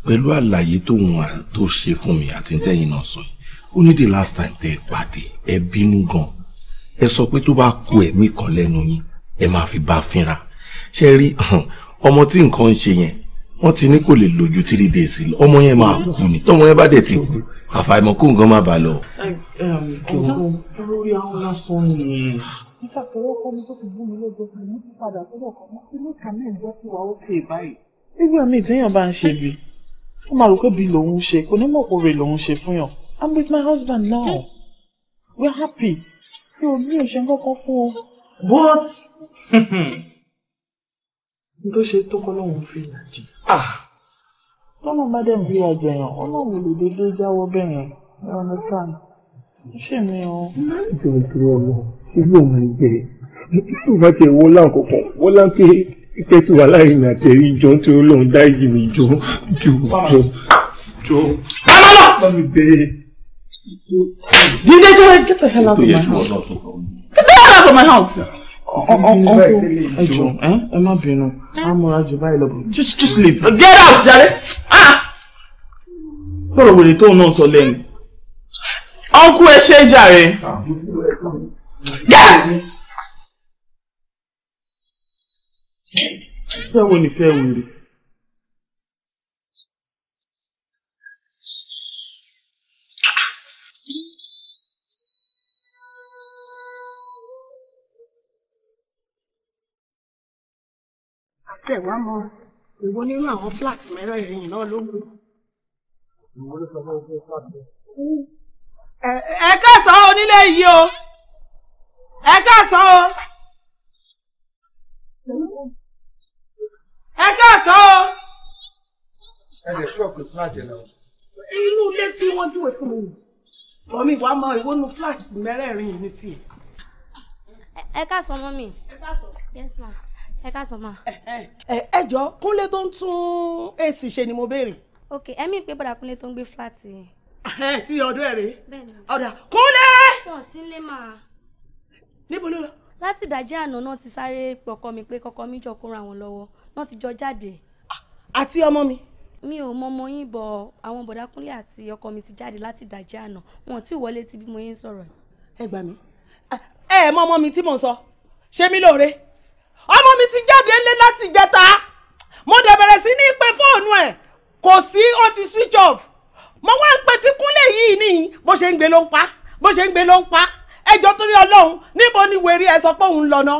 pẹ̀lú àlàyé tóun tó ṣe fún mi àti tẹ́yìn náà sọ yìí ó ní the last time tẹ́ ẹ pàdé ẹ bínú gan ẹ sọ pé tó bá ku ẹ̀mí kan lẹ́nu yín ẹ máa fi bá fínra ṣe rí ọmọ tí nǹkan ń ṣe yẹn wọ́n ti ní kò lè lò ju three days lọ ọmọ yẹn máa kú ni tọmọ yẹn bá dẹ̀ ti kú àfàìmọ̀ kó nǹkan má bàa lọ. lórí àwọn lásán ni. nígbà tó wọ́pọ̀ ní tó ti bú mi lọ́jọ́ tí mo ti padà tó lọ́kọ̀ mọ́ sí lóka ní ìjọ tí wàá ó pè báyìí. nígbà míì téèyàn bá ń ṣe bí ó máa rò pé bí lòun ṣe kò ní mọ̀ òwe lòun ṣe fún yàn I'm with my husband now We're happy mi ò ní ìṣe kankan fún ọ. but tó ṣe tó kọ́ lọ́hún fi ìyà jì. bá dẹ̀ bí àjẹyàn ọlọ́run lè dédé jáwọ́ bẹ̀yẹn ẹ understand ṣé mi o. ìjọ ìdúró ọmọ irú òun ń gbé bá ti wọ́ láǹkọ̀kan wọ́n láǹkẹ́ ìfẹ́ wà láàrin mi ìjọ tí ó lóun dá ìjì mi jọ jọ jọ jọ. bàbá náà. bàbá mi bẹ̀rẹ̀. jíjẹ́ jẹ́ get the hell out of my house. get the hell out ẹ jọ ẹ ẹ má bínú amúra jù báyìí lọ bọ̀ just just leave get out jàre bọ́lọ̀ ah! wèrè tóun náà sọ lẹ́nu ọkú ẹ ṣe jàre get. fẹ́ wo ni fẹ́ àtẹ̀wá mọ ìwo nínú àwọn flat mẹ́rẹ̀ẹ̀rin náà ló ẹ kẹsàn-án onílé yìí o ẹ kẹsàn-án o ẹ kẹsàn-án o. ẹ lè ṣọ́ọ̀kì flat yẹn náà. inú ilé tí wọ́n júwe fún mi mọ̀mí wàá mọ ìwo nínú flat mẹ́rẹ̀ẹ̀rin yìí ní tiẹ̀. ẹ kẹsàn-án mọ́mí. ẹ kẹsàn-án. yes ma ẹ ká sọ ma. ẹ jọ kúnlé tó ń tún èsì ṣe ni mo béèrè. ok ẹ̀mí pé bọ̀dà kúnlé tó ń gbé fúláàtì. ti ọdún ẹ̀ rèé ọ̀dà kúnlé. wọn sì ń lé mà. níbo ló lọ. láti ìdájí àná náà ti sáré pọkọ mi pé kọkọ mi jọ kóra àwọn lọ́wọ́ náà ti jọ jáde. àti ọmọ mi. mi ò mọ ọmọ yín bọ àwọn bọ̀dà kúnlé àti ọkọ mi ti jáde láti ìdájí àná wọn ti wọlé ti bí mo yín sọ̀rọ̀. ẹ gbà mí ẹ ẹ mọ ọmọ mi tí mò ń sọ ṣé mi lóore ọmọ mi ti jáde ńlé láti jẹta mo dẹ̀ bẹ̀rẹ̀ sí ní pe fóònù ẹ̀ kò sí ó ti switch off mo wá ń pe tí kúnlẹ̀ yìí ní bó ṣe ń gbé ló ń pa bó ṣe ń gbé ló ń pa ẹjọ́ torí ọlọ́run níbo ni wèrè ẹ sọ pé òun lọ́nà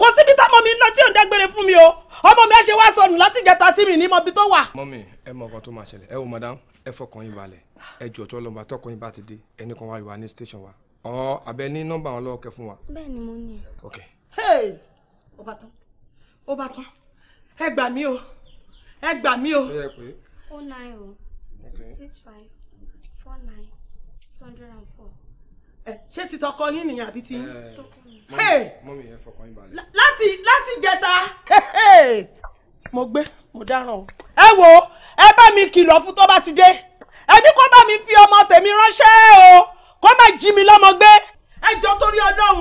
kò síbi tọ́mọ mi ń lọ tí ò ń dẹ́gbére fún mi o ọmọ mi ẹ ṣe wá sọnù láti jẹta tí mi ní mọbi tó wà. mọ́mí ẹ mọ ọkọ tó máa ṣẹlẹ̀ ẹ wò madam ẹ fọkàn yín balẹ̀ ẹ jù ọ̀tọ́ lọ́mọba tọkàn yín bá ti dé ẹnì kan wá rí wa ní station wa ọ abẹ ní nọ́mbà wọn lọ́wọ́ kẹ fún wa. bẹ́ẹ̀ni mo ní. ok. Hey! ó bá tán ó bá tán ẹ gbà mí o ẹ gbà mí o. ó yẹ pé. o nine o six five four nine six hundred and four ṣé ti tọkọ yín nìyẹn àbí ti yín. Eh, mọ́mí ẹ fọkàn yín balẹ̀. láti láti jẹta mo gbé mo dáràn o. ẹ wo ẹ bá mi kìlọ̀ fún tó bá ti dé ẹni kó bá mi fi ọmọ tèmi ránṣẹ́ o kó má jí mi lọ́mọ gbé ẹjọ́ torí ọlọ́run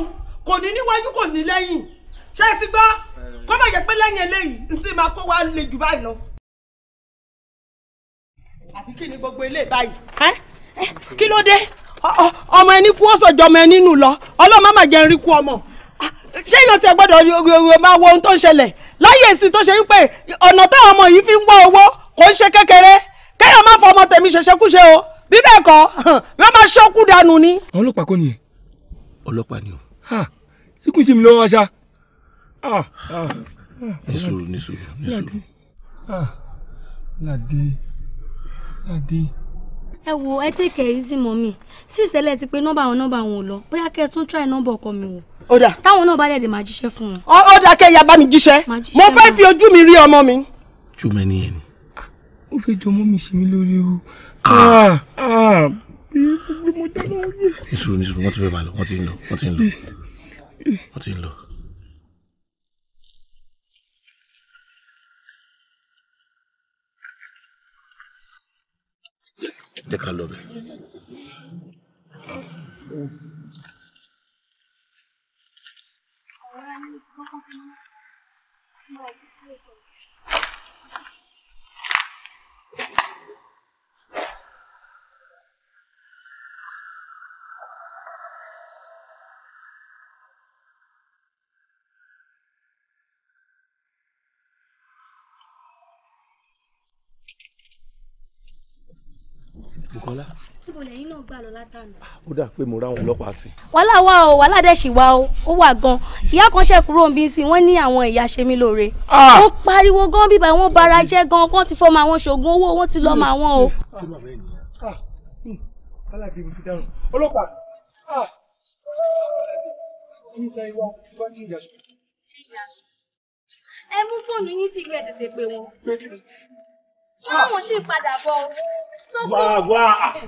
kò ní níwájú kò ní lẹ́yìn ṣé ẹ ti gbọ́ kó má jẹ́ pé lẹ́yìn eléyìí n tí máa kó wa le jù báyìí lọ. àbí kí ni gbogbo eléyìí báyìí. kí ló dé ọmọ ẹni kú ó sọjọ ọmọ ẹni nù lọ ọlọ́mọ má jẹ́ rí kú ọmọ ah, ṣé èèyàn ti gbọ́dọ̀ máa wo ohun tó ń ṣẹlẹ̀ láyé èsì tó ṣe wípé ọ̀nà táwọn ọmọ yìí fi ń wá owó kò ń ṣe kékeré kéèyàn má fọ ọmọ tèmi ṣẹṣẹkúṣe o bí bẹ́ẹ̀ kọ́ yóò máa ṣọ́kú dànù ni. àwọn ọlọ́pàá kọ́ nìyẹn ọlọ́pàá ni o síkùn sí mi lọ́wọ́ aṣá ní sùúrù ní sùúrù ní sùúrù. ládé ládé. ẹ wo ẹ tèkẹ́ easy mọ́mì sísè tẹ́lẹ̀ ti pé nọ́mbà àwọn nọ́mbà wọn ò lọ bóyá kẹ́ ẹ tún try nọ́mbà ọkọ mi wò ó dà. táwọn náà bá dẹ̀ dẹ̀ máa jíṣẹ́ fún wọn. ó dà kẹ́ ìyá bá mi jíṣẹ́ mo fẹ́ fi ojú mi rí ọmọ mi. jù mẹ́ ni ẹni. ó fẹ́ jọ ọmọ mi ṣe mí lórí o. nísòro ah. ah, ah. nísòro wọ́n ti fẹ́ máa lọ wọ́n ti ń lọ wọ́n ti ń lọ eh. wọ́n ti ń lọ. jẹ́ ká Thank you. gbà lọ látànà. ó dà pé mo ráwọn ọlọ́pàá sí. wàhálà wà o wàhálà dẹ̀ sì wà o ó wà gan ìyá kan ṣe kúrò níbi sí wọ́n ní àwọn ìyá ṣe mí lóore. ó pariwo gan bíbá wọn bara jẹ́ gan wọ́n ti fọmọ àwọn ṣògùn owó wọ́n ti lọ́mọ àwọn o. Hmm. ẹ mú fóònù yín sí ilé tètè pé wọn. Ọmọ sì padà bọ̀. Wá wá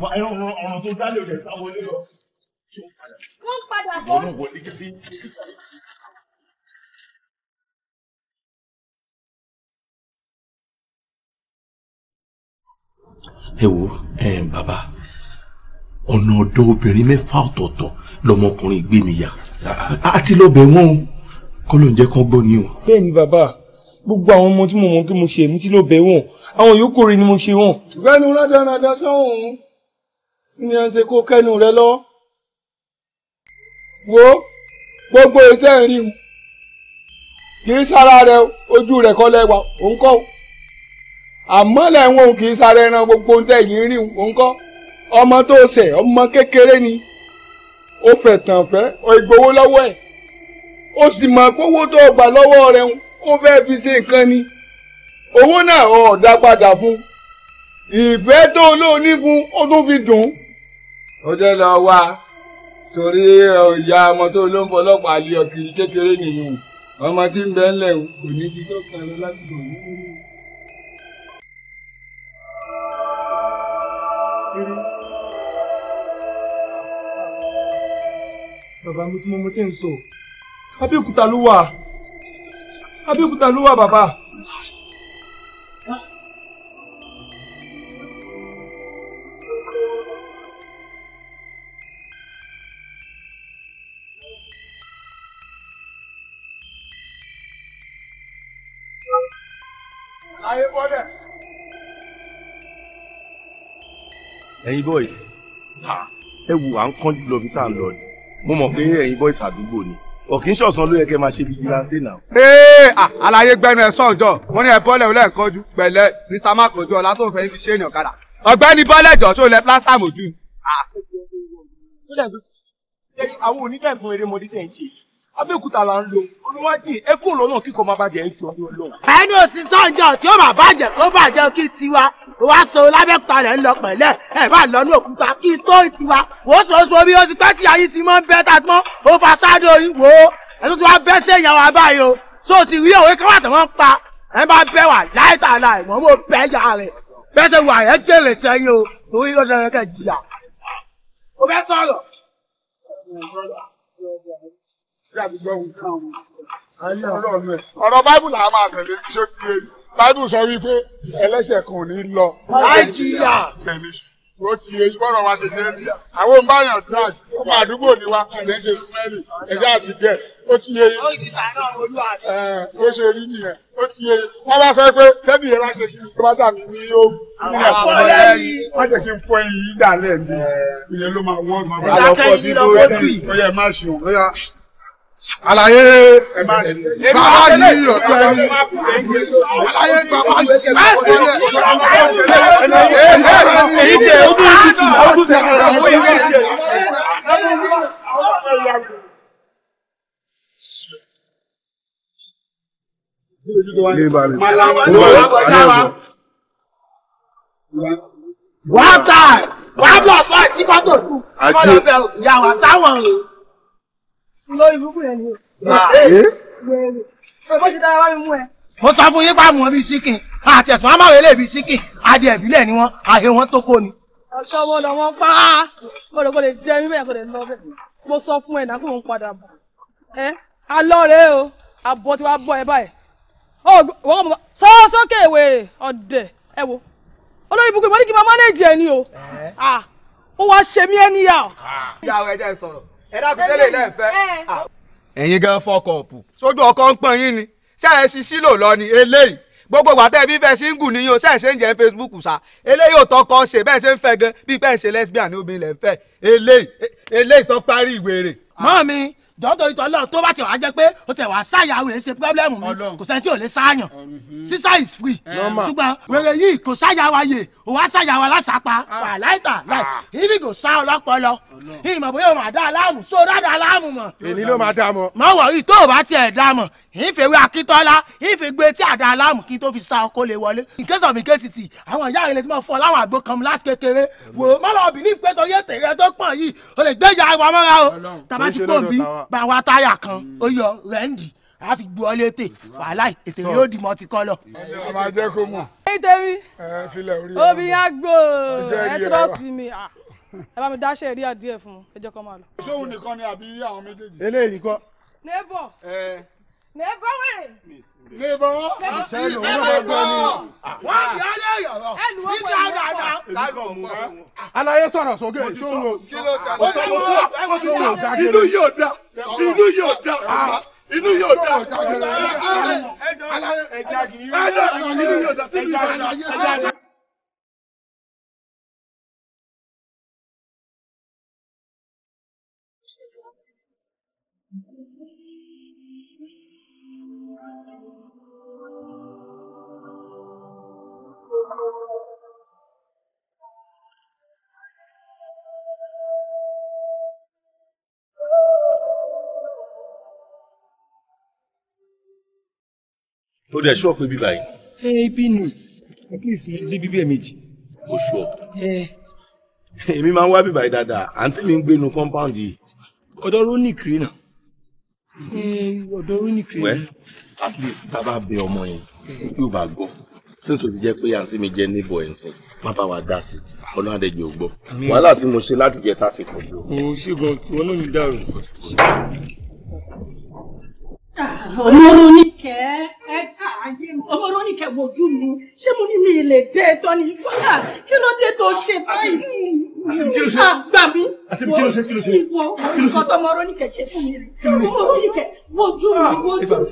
ọ̀ràn ah, tó dálé òde sá wọlé lọ. Wọ́n padà bọ̀. Wọ́n wọlé gidi. ẹ wo bàbá ọ̀nà ọ̀dọ̀ obìnrin mẹ́fà ọ̀tọ̀ọ̀tọ̀ lọmọkùnrin gbé mi yà àti ah, ah. lọ bẹ̀ wọ́n o kọ́ ló ń jẹ́ kán gbọ́ ni o. bẹ́ẹ̀ bàbá gbogbo àwọn ọmọ tí mo mọ̀ pé mo ṣe èmi tí ló bẹ̀ wọ̀n àwọn yòókù rẹ̀ ni mo ṣe wọ̀n. ìgbẹ́nu rádaràda sọ́hùn ni à ń ṣe kó kẹ́nu rẹ lọ. wo gbogbo ètò ẹ̀rín o kì í sára rẹ ojú rẹ kọ́ lẹ́wà òun àmọ́ lẹ́wọ̀n kì í sára ẹran gbogbo ohun tẹ̀ yìí rìn òun ọmọ tó ṣẹ̀ ọmọ kékeré ni ó fẹ̀ tàn fẹ́ ìgbowó lọ́wọ́ ẹ̀ ó sì mọ̀ pé owó tó gbà lọ́wọ́ rẹ̀ ń ó fẹ́ fi ṣe nǹkan ni owó náà ò dá padà fún ìfẹ́ tó olóòní fún ó tún fi dùn ó jẹ́ lọ wá torí ìyá ọmọ tó ló ń fọlọ́pàá lé ọkiri kékeré nìyẹn ọmọ tí ń bẹ ńlẹ̀ kò ní bí tó kan lọ láti dùn nínú. bàbá mi tí mo mọ tí ń sọ Abẹ́òkúta ló wà. Abẹ́òkúta ló wà bàbá. ẹ̀yin boys ẹ wù à ń kánjú lọ bí tá à lọ ni mo mọ̀ pé ẹ̀yin boys àdúgbò ni òkì ń ṣọ̀sán ló yẹ kẹ́ máa ṣe bíi gíláńtì náà. ee àlàyé gbẹnu ẹ sọ̀jọ́ mo ní ẹ bọ́lẹ̀ òun lẹ́ẹ̀kanjú pẹ̀lẹ́ mr mark ojú ọ̀la tó ń fẹ́ fi ṣe èèyàn kadà ọ̀gbẹ́ni bọ́lẹ̀ jọ tó lẹ plaster mojú. àwọn onídẹ̀ẹ́fún eré mọ́dítẹ̀ ń ṣe yìí abẹ́òkúta là ń lo olùwájì ẹ kó lọ́nà kíkọ́ máa bàjẹ́ ń jọ ní ọlọ́run. ẹni òsì sọ́njọ́ tí ó máa bàjẹ́ kó bàjẹ́ kí tiwa wàá so lábẹ́òkúta rẹ̀ ń lọ pẹ̀lẹ́ ẹ̀ bá lọ́nà òkúta kí tó tiwa wò ó sọ̀ọ́sọ̀ bí ó ti pẹ́ tí ayé ti mọ́ ń bẹ́ tàbí mọ́ ó fa sádò yìí wò ó ẹ̀ tó ti wá bẹ́ sí ìyàwó abáyé o sóòsì rí òwe káwá tó wọ́n pa ẹ bá bẹ wà láìta láì mọ mo bẹ ya rẹ bẹsẹ wà ẹ jèrè sẹ́yìn o torí ó dẹrẹ kẹ jìyà o bẹ sọ̀rọ̀ ọ̀rọ̀ báìbù làá máa tẹ̀lé ṣé ti yé báìbù sọ wípé ẹlẹ́ṣẹ̀ kan ò ní lọ láìjìyà tẹ̀lé ó ti yé bọ́rọ̀ wa ṣe dé bí àwọn báyọ̀ drag ó máa dúgbò ní wa àdé ṣe smẹ́lì ẹ̀ṣẹ́ àti gẹ̀ ó ti yé ó ṣe rí nìyẹn ó ti yé wọ́n bá sọ pé tẹ́bí yẹn bá ṣe kí ló bá dà mí ní ó nílẹ̀ fún ọ lẹ́yìn jẹ́ kí n fọ eyín dà lẹ́ẹ̀mí ìyẹn ló máa wọ́n máa bá lọ fọ́ bí ó yẹ má ṣe òun àlàyé bàbá yìí ọ̀tọ̀ ẹni àlàyé bàbá yìí ọ̀tọ̀ ẹni èyí tẹ yìí tù ọdún tẹ ọdún yìí tẹ. wàá tà wàá bọ̀ fún àṣìkọ́tò kọ́ lọ́ọ́ sáwọn lórí burúkú rẹ ni o. Ah. Eh, eh? bó ṣe dára wá mi mú ẹ. mo sọ fún yín pa àwọn bíi síkìn àti ẹ̀sùn amáwé lè bíi síkìn adìẹ ìbílẹ̀ ni wọ́n àhe wọn tó kó ni. ọ̀sán mo lọ wọn pa á mo lọ kó lè jẹ́ mi bẹ́ẹ̀ kó lè lọ bẹ́ẹ̀ mo sọ fún ẹ náà kó ń padà bọ̀ ẹ alọ́ o àbọ̀ tí wàá bọ̀ ẹ báyìí sọ sókè wèrè ọ̀dẹ̀ ẹ wo olórí ibùkún ìmọ̀ máa mánéèjì ẹ ní o eh. ah, ó wàá ṣe mí ẹ níyà. Ah. ìyá rẹ jẹ́ sọ̀rọ̀ ẹ dákun tẹ́lẹ̀ náà fẹ́. ẹ̀yin gan fọkọ̀ ọ̀pù sójú ọkọ̀ ń pọ́n yín ni ṣé ẹ sì sílò lọ ni eléyìí gbogbo ìgbà tẹ́ ẹ bí fẹ́ síngù ni yóò ṣẹ̀ṣẹ̀ ń jẹ́ Facebook ṣá eléyìí ò tọkọ ṣe bẹ́ẹ̀ ṣe ń fẹ́ gan bí bẹ́ẹ̀ ṣe lesbian ní obìnrin lẹ́ ń fẹ́ eléyìí eléyìí tó parí ìwé rẹ̀. mọ́ mi dọ́dọ̀ ìtọ́ lọ́run tó bá ti wàá jẹ́ pé ó ti wàá sáyàwó ẹ̀ ṣe pírọ́blẹ́mù mi kò sẹ́ni tí ò lè sáyàn sísá is free eh, ṣùgbọ́n wèrè yìí kò sáyàwó ayè ò wá sáyàwó alásàpá ah. wà láìta láì ah. ibi kò sá ọlọ́pọlọ ìmọ̀ bóyá òun àdá aláàmù sóò dáadáa aláàmù mọ̀. èmi ló máa dá mọ. mọ̀ wọ̀ yìí tó o bá tiẹ̀ dá mọ̀ ìfèwé akíntọ́lá ìfègbè tí àdá aláàmù kí n tó fi sa ọkọ lè wọlé. in case of in case ti àwọn ìyá ìrẹsì máa fọ láwọn àgbo kan láti kékeré wò ó mọ́lá òbí ní ìpẹ́tọ́ yé tèrè tó pọ̀ yìí o lè gbé ìyá wa mọ́ra o tàbá ti pò bí bá wa táyà kan ó yọ rẹ́ǹdì a fi gbọ́ létè wàhálà ètè yóò di mọ́ ti kọ́ lọ. a máa jẹ́ kó mọ̀. nítorí omi àgbo ẹ tọ́sí mi ẹ bá mi dáṣẹ́ ìrí àdìẹ fún ẹ jẹ́ kó máa lọ. ṣé òun nìkan ni àbí àwọn méjèèjì. eléyìí kọ́. nebo. ẹ Nebo wèrè. Nebo. Sẹ́nu ló bẹ gbọ́ ni. Wọ́n di alẹ́ yọ̀rọ̀. Ẹnu wọ́n pẹ̀lú ọkọ̀. Nígbà dáadáa. Káyọ̀ mú wa. Aláyé sọ̀rọ̀ sókè ìṣòro. Kí ló ṣe àlọ́? Ó ti sọ inú yóò da. Inú yóò da. Inú yóò da. Ẹja kì í. Ẹja ó dẹ̀ ṣọ́ọ̀pù ibi báyìí. ẹ ibi ni at least dé bíbí ẹ̀mejì. ó ṣọ. èmi máa ń wá bíbáyìí dáadáa àǹtí mi ń gbé inú compound yìí. ọ̀dọ̀ ronic rí nà. ọ̀dọ̀ ronic rí nà. wẹ́ at least tá a bá bẹ ọmọ yẹn tí ó bá gbọ́ síntò ti jẹ́ pé àǹtí mi jẹ́ níbọ̀ ẹ̀sìn má bá wa dá sí ọlọ́run àdẹ́jì ò gbọ́ wàhálà tí mo ṣe láti jẹ tá a ti pọ̀ jù. mo ṣe gan kí wọn náà ní dàrú. ọmọọrọ oníkẹ ẹ ká ayé ọmọọrọ oníkẹ wojú mi ṣé mo ní mi lè dé ẹ̀tọ́ ní fọlá kí ló dé tó ṣe báyìí ah, gbà mí wo ìwọ nǹkan tọmọọrọ oníkẹ ṣe fún mi rí ọmọọrọ oníkẹ wojú mi ah, wojú mi.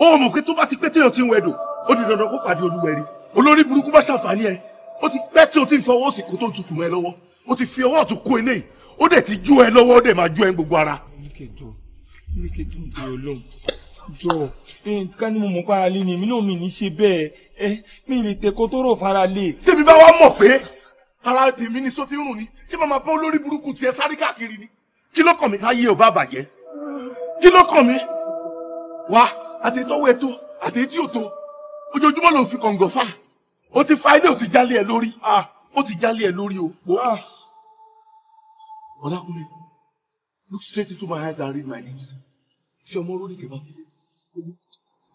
ó mọ̀ pé tó bá ti pé téèyàn ti ń wẹ̀dọ̀ ó di dandan kó pàdé olúwẹ̀rí olórí burúkú bá ṣàǹfààní ẹ ó ti pẹ́ tí o ti ń fọwọ́ òsì kó tó ń tutù mọ́ ẹ lọ́wọ́ ó ti fi ọwọ́ ọ̀tún kó eléyìí ó dẹ̀ ti jó ẹ lọ́wọ́ ó dẹ̀ máa jó ẹ gbogbo ara. jọ ká ní mo mọ̀ para lé ni èmi náà mi ní ṣe bẹ́ẹ̀ ẹ mi lè tẹ̀kọ́ tó rò fara lé. tèmi bá wá mọ̀ pé ara tèmi ni sọ ti ń rùn ni tí màmá bá olórí burúkú tiẹ̀ sáré káàkiri ni kí ló kàn mí ká yé ò bá bàjẹ́ kí ló kàn mí wá àti tó wé àti tí ò tó ojoojúmọ́ ló fi kọ̀ǹgọ̀ fà ó ti fa ilé ò ti jálé ẹ lórí ó ti jálé ẹ lórí òpó. ọlákùnrin look straight into my eyes and read my lips tí ọmọ ró ní kẹfà fi lè kú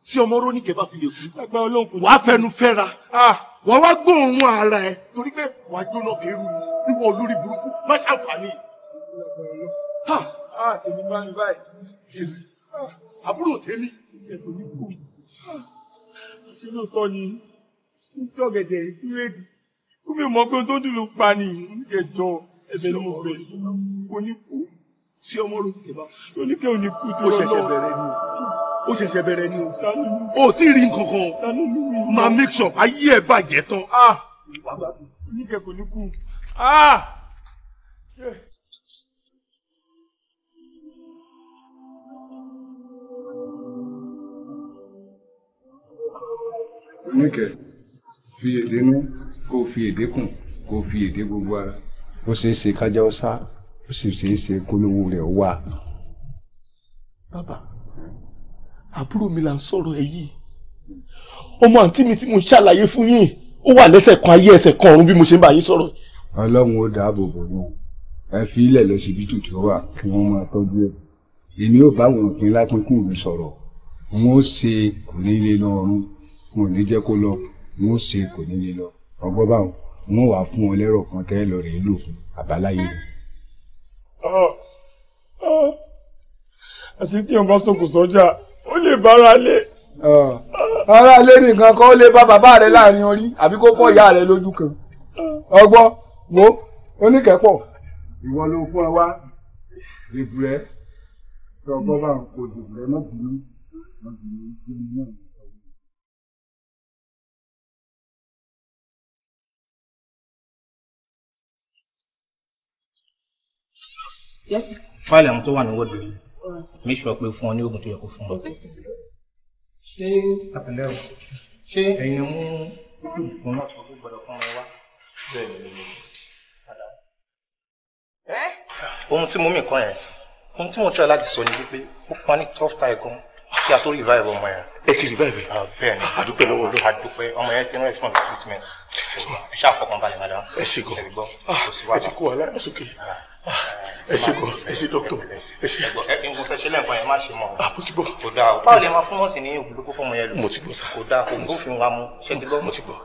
tí ọmọ ró kẹfà fi lè kú wàá fẹnu fẹ́ra wàá wá gbóòórùn ara ẹ torí pé wàá jóná bẹ̀rù níwọ olórí burúkú má ṣàǹfààní. àbúrò tèmi kẹtù ní kù ni nítorí ọ̀gẹ̀dẹ̀ ìkúrẹ́dì kó mi mọ̀ pé tó dùn ló pa ni ìjẹjọ ẹ̀bẹ̀ ni mo kò ní kú. sí ọmọ ló ti bá. ní kí o ní kú tó lọ. ó ó ṣẹ̀ṣẹ̀ bẹ̀rẹ̀ ni o. ò tí ì rí nǹkan kan máa make sure ayé ẹ̀ bàjẹ́ tán. ah oníkẹ́ kò ní kú. ah. Yeah. níkẹ́ fi èdè nú kó fi èdè kùn kó fi èdè gbogbo ara ó ṣeé ṣe kájá ọsá ó sì ṣeé ṣe kólówó rẹ̀ wá. bàbá àbúrò mi là ń sọ̀rọ̀ ẹ yìí ọmọ àǹtí mi tí mo ṣàlàyé fún yín ó wà lẹ́sẹ̀ kan ayé ẹsẹ̀ kan ọ̀run bí mo ṣe ń bá yín sọ̀rọ̀. ọlọ́run ó dáàbò bò wọn ẹ fi ilẹ̀ lọ síbi tùtù ọ wà kí wọ́n máa tọ́jú ẹ̀ èmi ò bá wọn òpin lápínkù mi sọ̀rọ̀ wọn ó ṣe kò ní lè lọ wọn ò ní jẹ́ kó lọ wọn ò ṣe kò ní lè lọ ọgbọ́n báwọn wọn wàá fún wọn lẹ́rọ̀ kan tẹ́ lọ rèé lò fún àbáláyé rẹ̀. Ah, ah. àṣé tí wọn bá sọkò sọjà ó lè bára lé. Ah, ara lé nìkan kan ó lè bá bàbá rẹ láàrin orí àbí kó fọ́ ìyá rẹ lójú kan ọgbọ́n wo oníkẹ́pọ̀. ìwọ ló fún ẹ wá ìbúrẹ́ tí ọgbọ́n bá ń kó ìbúrẹ́ mọ́ bínú mọ́ bínú kí ni náà. Yes. Fáìlì àwọn tó wà ní wọ́ọ̀dù yìí. Make sure pé fún ọ ní oògùn tó yẹ kó fún ọ. Ṣé àpẹẹrẹ o? Ṣé ẹ̀yin mú olùkọ́ náà tó gbọ́dọ̀ fún ọ wá? Bẹ́ẹ̀ni. Ohun tí mo mì kan yẹn, ohun tí mo tọ́ láti sọ ni wípé ó pa ní tough tie gan kí a tó revive ọmọ yẹn. Ẹ ti revive ẹ? Ah, Bẹ́ẹ̀ni. Àdúpẹ́ lọ́wọ́ lọ́wọ́. Àdúpẹ́ ọmọ yẹn ti ń respond to treatment. Ẹ ṣáà fọkàn balẹ̀ madam. Ẹ ṣe gan. Ẹ ti kó wa lára sókè ẹ ṣe gan ẹ ṣe dókítà ẹ ṣe. ìwọ̀n fẹ́ ṣe lẹ́gbọ̀n yẹn má ṣe mọ̀. àbò ah, ti gbọ́. kò dáa o báwo lè máa fún mọ́sìn ní ògùn lókùn fún ọmọ yẹn lò. mo ti gbọ́ sá. kò dáa kò gbófin wa mu ṣé ti gbọ́. mo ti gbọ́.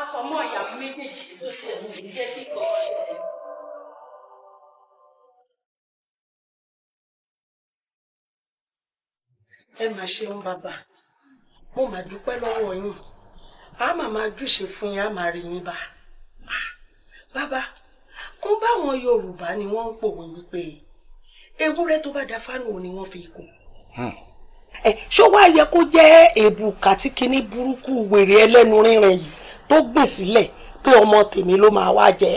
akọ̀mọ́ ìyàwó méjèèjì tó ṣe òun jẹ́ kíkọ́. ẹ máa ṣeun bàbá mo máa dúpẹ́ lọ́wọ́ yín a máa máa júṣe fún yín a máa rí yín bá bàbá ń báwọn yorùbá ni wọ́n ń pòwe wípé ewúrẹ́ tó bá da fánù ni wọ́n fi kù hmm. ẹ ṣó wá yẹ kó jẹ́ èbùkà tí kinní burúkú wèrè ẹlẹ́nu rínrin yìí tó gbìn sílẹ̀ pé ọmọ tèmi ló máa wá jẹ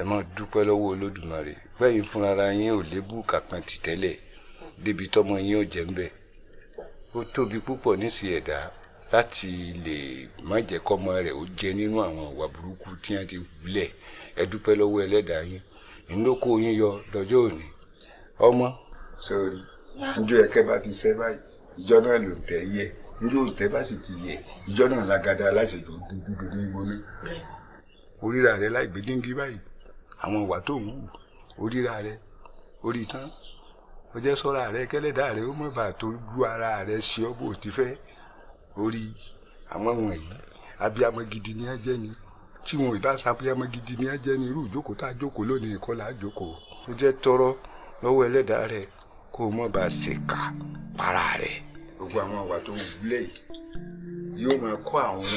ẹ máa dúpẹ́ lọ́wọ́ olódùmarè pẹ́yìn fúnra yín ò lébù kankan ti tẹ́lẹ̀ débi tọ́mọ yín ò jẹ́ ń bẹ̀ ó tóbi púpọ̀ nísìí ẹ̀dá láti lè má jẹ́ kọ́mọ rẹ̀ ó jẹ nínú àwọn ìwà burúkú tí wọ́n ti wulẹ̀ ẹ dúpẹ́ lọ́wọ́ ẹlẹ́dàá yín ìlókò yín yọ lọ́jọ́ òní ọmọ. sọrí njó ẹkẹ bá ti ṣẹ báyìí ìjọ náà ló ń tẹ yẹ njó tẹ bá sì ti yẹ ìjọ náà lágada aláṣẹjọ dúdúdúdú ìwọlé. oríra rẹ láì gbé díngí báyìí àwọn ìwà tó ń wù oríra rẹ orí tán ó jẹ́ rẹ kẹ́lẹ́dàá rẹ ó mọ̀ bàa tó ara rẹ ṣe ọ́ bó ti fẹ́ orí àwọn wọ̀nyí abiyamọ gidi ni ẹ jẹ́ ni tí wọn ìbá sabiyamọ gidi ni ẹ jẹ́ ni irú ìjókòó tá a jókòó lónìí kọ́ là jókòó. ó jẹ́ tọrọ lọ́wọ́ ẹlẹ́dàá rẹ kó o mọ̀ bá a ṣèkà para rẹ. gbogbo àwọn àwà tó ń wúlẹ̀ yìí yóò máa kọ́ àwọn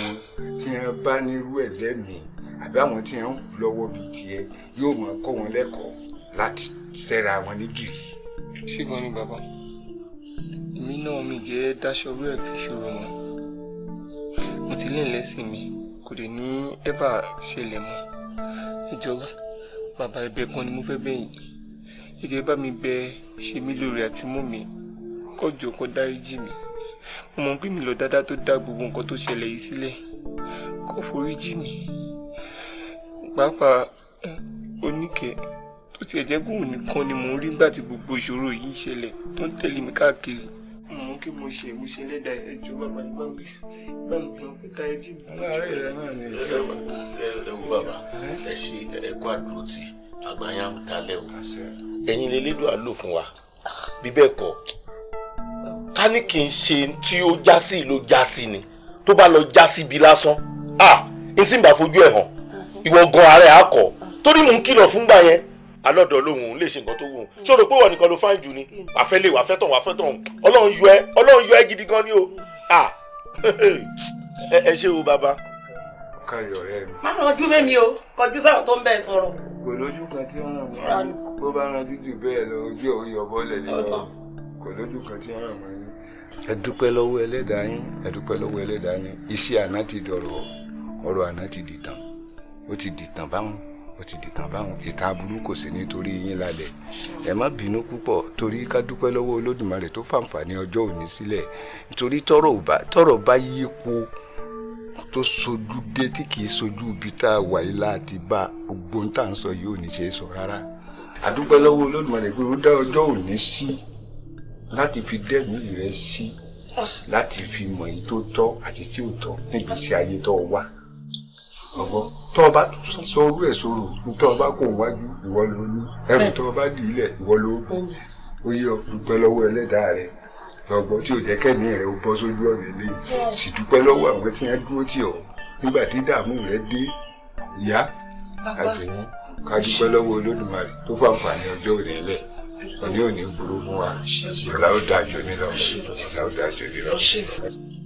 tí wọ́n bá nírú ẹ̀ lẹ́mìí àbí àwọn tí wọ́n ń lọ́wọ́ bíi tiẹ̀ yóò máa kọ́ wọn lẹ́kọ̀ọ́ láti ṣẹ́ra wọn ní gìrì. ṣé gan ni bàbá èmi náà mi jẹ́ dáṣọrú ẹ̀ fi ṣòro mọ́ mo ti léèlé sí mi kò dé ní ẹ́bà ṣẹlẹ̀ mọ́ ẹ jọ̀ọ́ bàbá ẹ̀bẹ̀ kan ni mo fẹ́ bẹ̀yìn ẹ jọ̀ọ́ bá mi bẹ̀ ṣe mí lórí àti mú mi kọjọ kó dáríjì mi mo mọ̀ pé mi lọ dáadáa tó dá gbogbo nǹkan tó ṣẹlẹ̀ yìí sílẹ̀ kó foríjì mi pàápàá oníkẹ́ tó tiẹ̀ jẹ́ gbóhùn nìkan ni mò ń rí gbà tí gbogbo ìṣòro yìí ń ṣẹlẹ̀ tó ń tẹ̀lé mi káàkiri kí mo ṣe mo ṣe lé dàí ẹjọ́ bàbá ìgbà mi bá mi lọ pé táyé jì mí. rẹ náà ni. ẹ wo bàbá ẹ ṣe ẹkọ àdúrótì àgbáyà ń dalẹ̀ o ẹ̀yin lélẹ́dùn àlò fún wa bí bẹ́ẹ̀ kọ́ ká ní kì í ṣe tí ó já sí ló já sí ni tó bá lọ já sí ibi lásán ah n tí n bá fojú ẹ̀ hàn ìwọ gan ara ẹ̀ á kọ̀ torí mò ń kìlọ̀ fúngbà yẹn alọ́dọ̀ lòun lè ṣe nǹkan tó wù ú mm. ṣó rò pé wọ́n nìkan ló fáìn jù ni mm. wàfẹ́ lè wàfẹ́ tán wàfẹ́ tán ọlọ́run yọ ẹ ọlọ́run yọ ẹ gidi gan ni o mm. à ẹ ṣé o bàbá. kárí ọ̀rẹ́ mi. má ranjú mẹ́mi o kọjú sọ̀rọ̀ tó ń bẹ́ẹ̀ sọ̀rọ̀. kò lójú kan tí wọ́n ràn mí bó bá ranjú jù bẹ́ẹ̀ lọ ojú ẹ̀ oyè ọ̀bọ lẹ̀ lọ kò lójú kan tí wọ́n ràn mọ́ yín. ẹ dúpẹ́ lọ́wọ́ ẹlẹ́dàá yín ẹ dúpẹ́ lọ́wọ́ ẹlẹ́dàá yín iṣẹ́ àná ti dọ̀rọ̀ ọ̀rọ̀ àná ti dìtàn ó ti dìtàn báwọn ó ti dìtà báwọn ìta burú kò sí nítorí yín lálẹ́ ẹ má bínú púpọ̀ torí ká dúpẹ́ lọ́wọ́ olódùmarè tó fàǹfààní ọjọ́ òní sílẹ̀ nítorí tọ́rọ̀ bá yípo tó sojú dé tí kì í sojú ibi tá a wà yìí láti bá gbogbo ń tà ń sọ yìí ò ní ṣe é sọ rárá a dúpẹ́ lọ́wọ́ olódùmarè pé ó dá ọjọ́ òní sí láti fi dẹ́gbìn rẹ sí láti fi mọ̀ èyí tó tọ́ àti tí ò tọ́ nígbèsí ayé tó wá tọ́ ọba tún sọ orú ẹ̀ sọ̀rọ̀ nítorí ọba kò wájú ìwọ ló ní ẹrù tọ́ ọba dì í lẹ̀ ìwọ ló kú oyè ọ̀dùpẹ́ lọ́wọ́ ẹlẹ́dàá rẹ̀ ọgbọ́n tí o jẹ́ kẹ́mi rẹ̀ ó bọ́ sójú ọ̀nà ilé sì dúpẹ́ lọ́wọ́ àwọn tí wọ́n dúró tì ọ́ nígbà tí dààmú rẹ̀ dé ìyá àjùmọ̀ ká dúpẹ́ lọ́wọ́ olódùmarè tó fàǹfààní ọjọ́ òní lẹ̀ òní òní burú fún wa ìlà ó dájú ní lọ ìlà ó dájú ní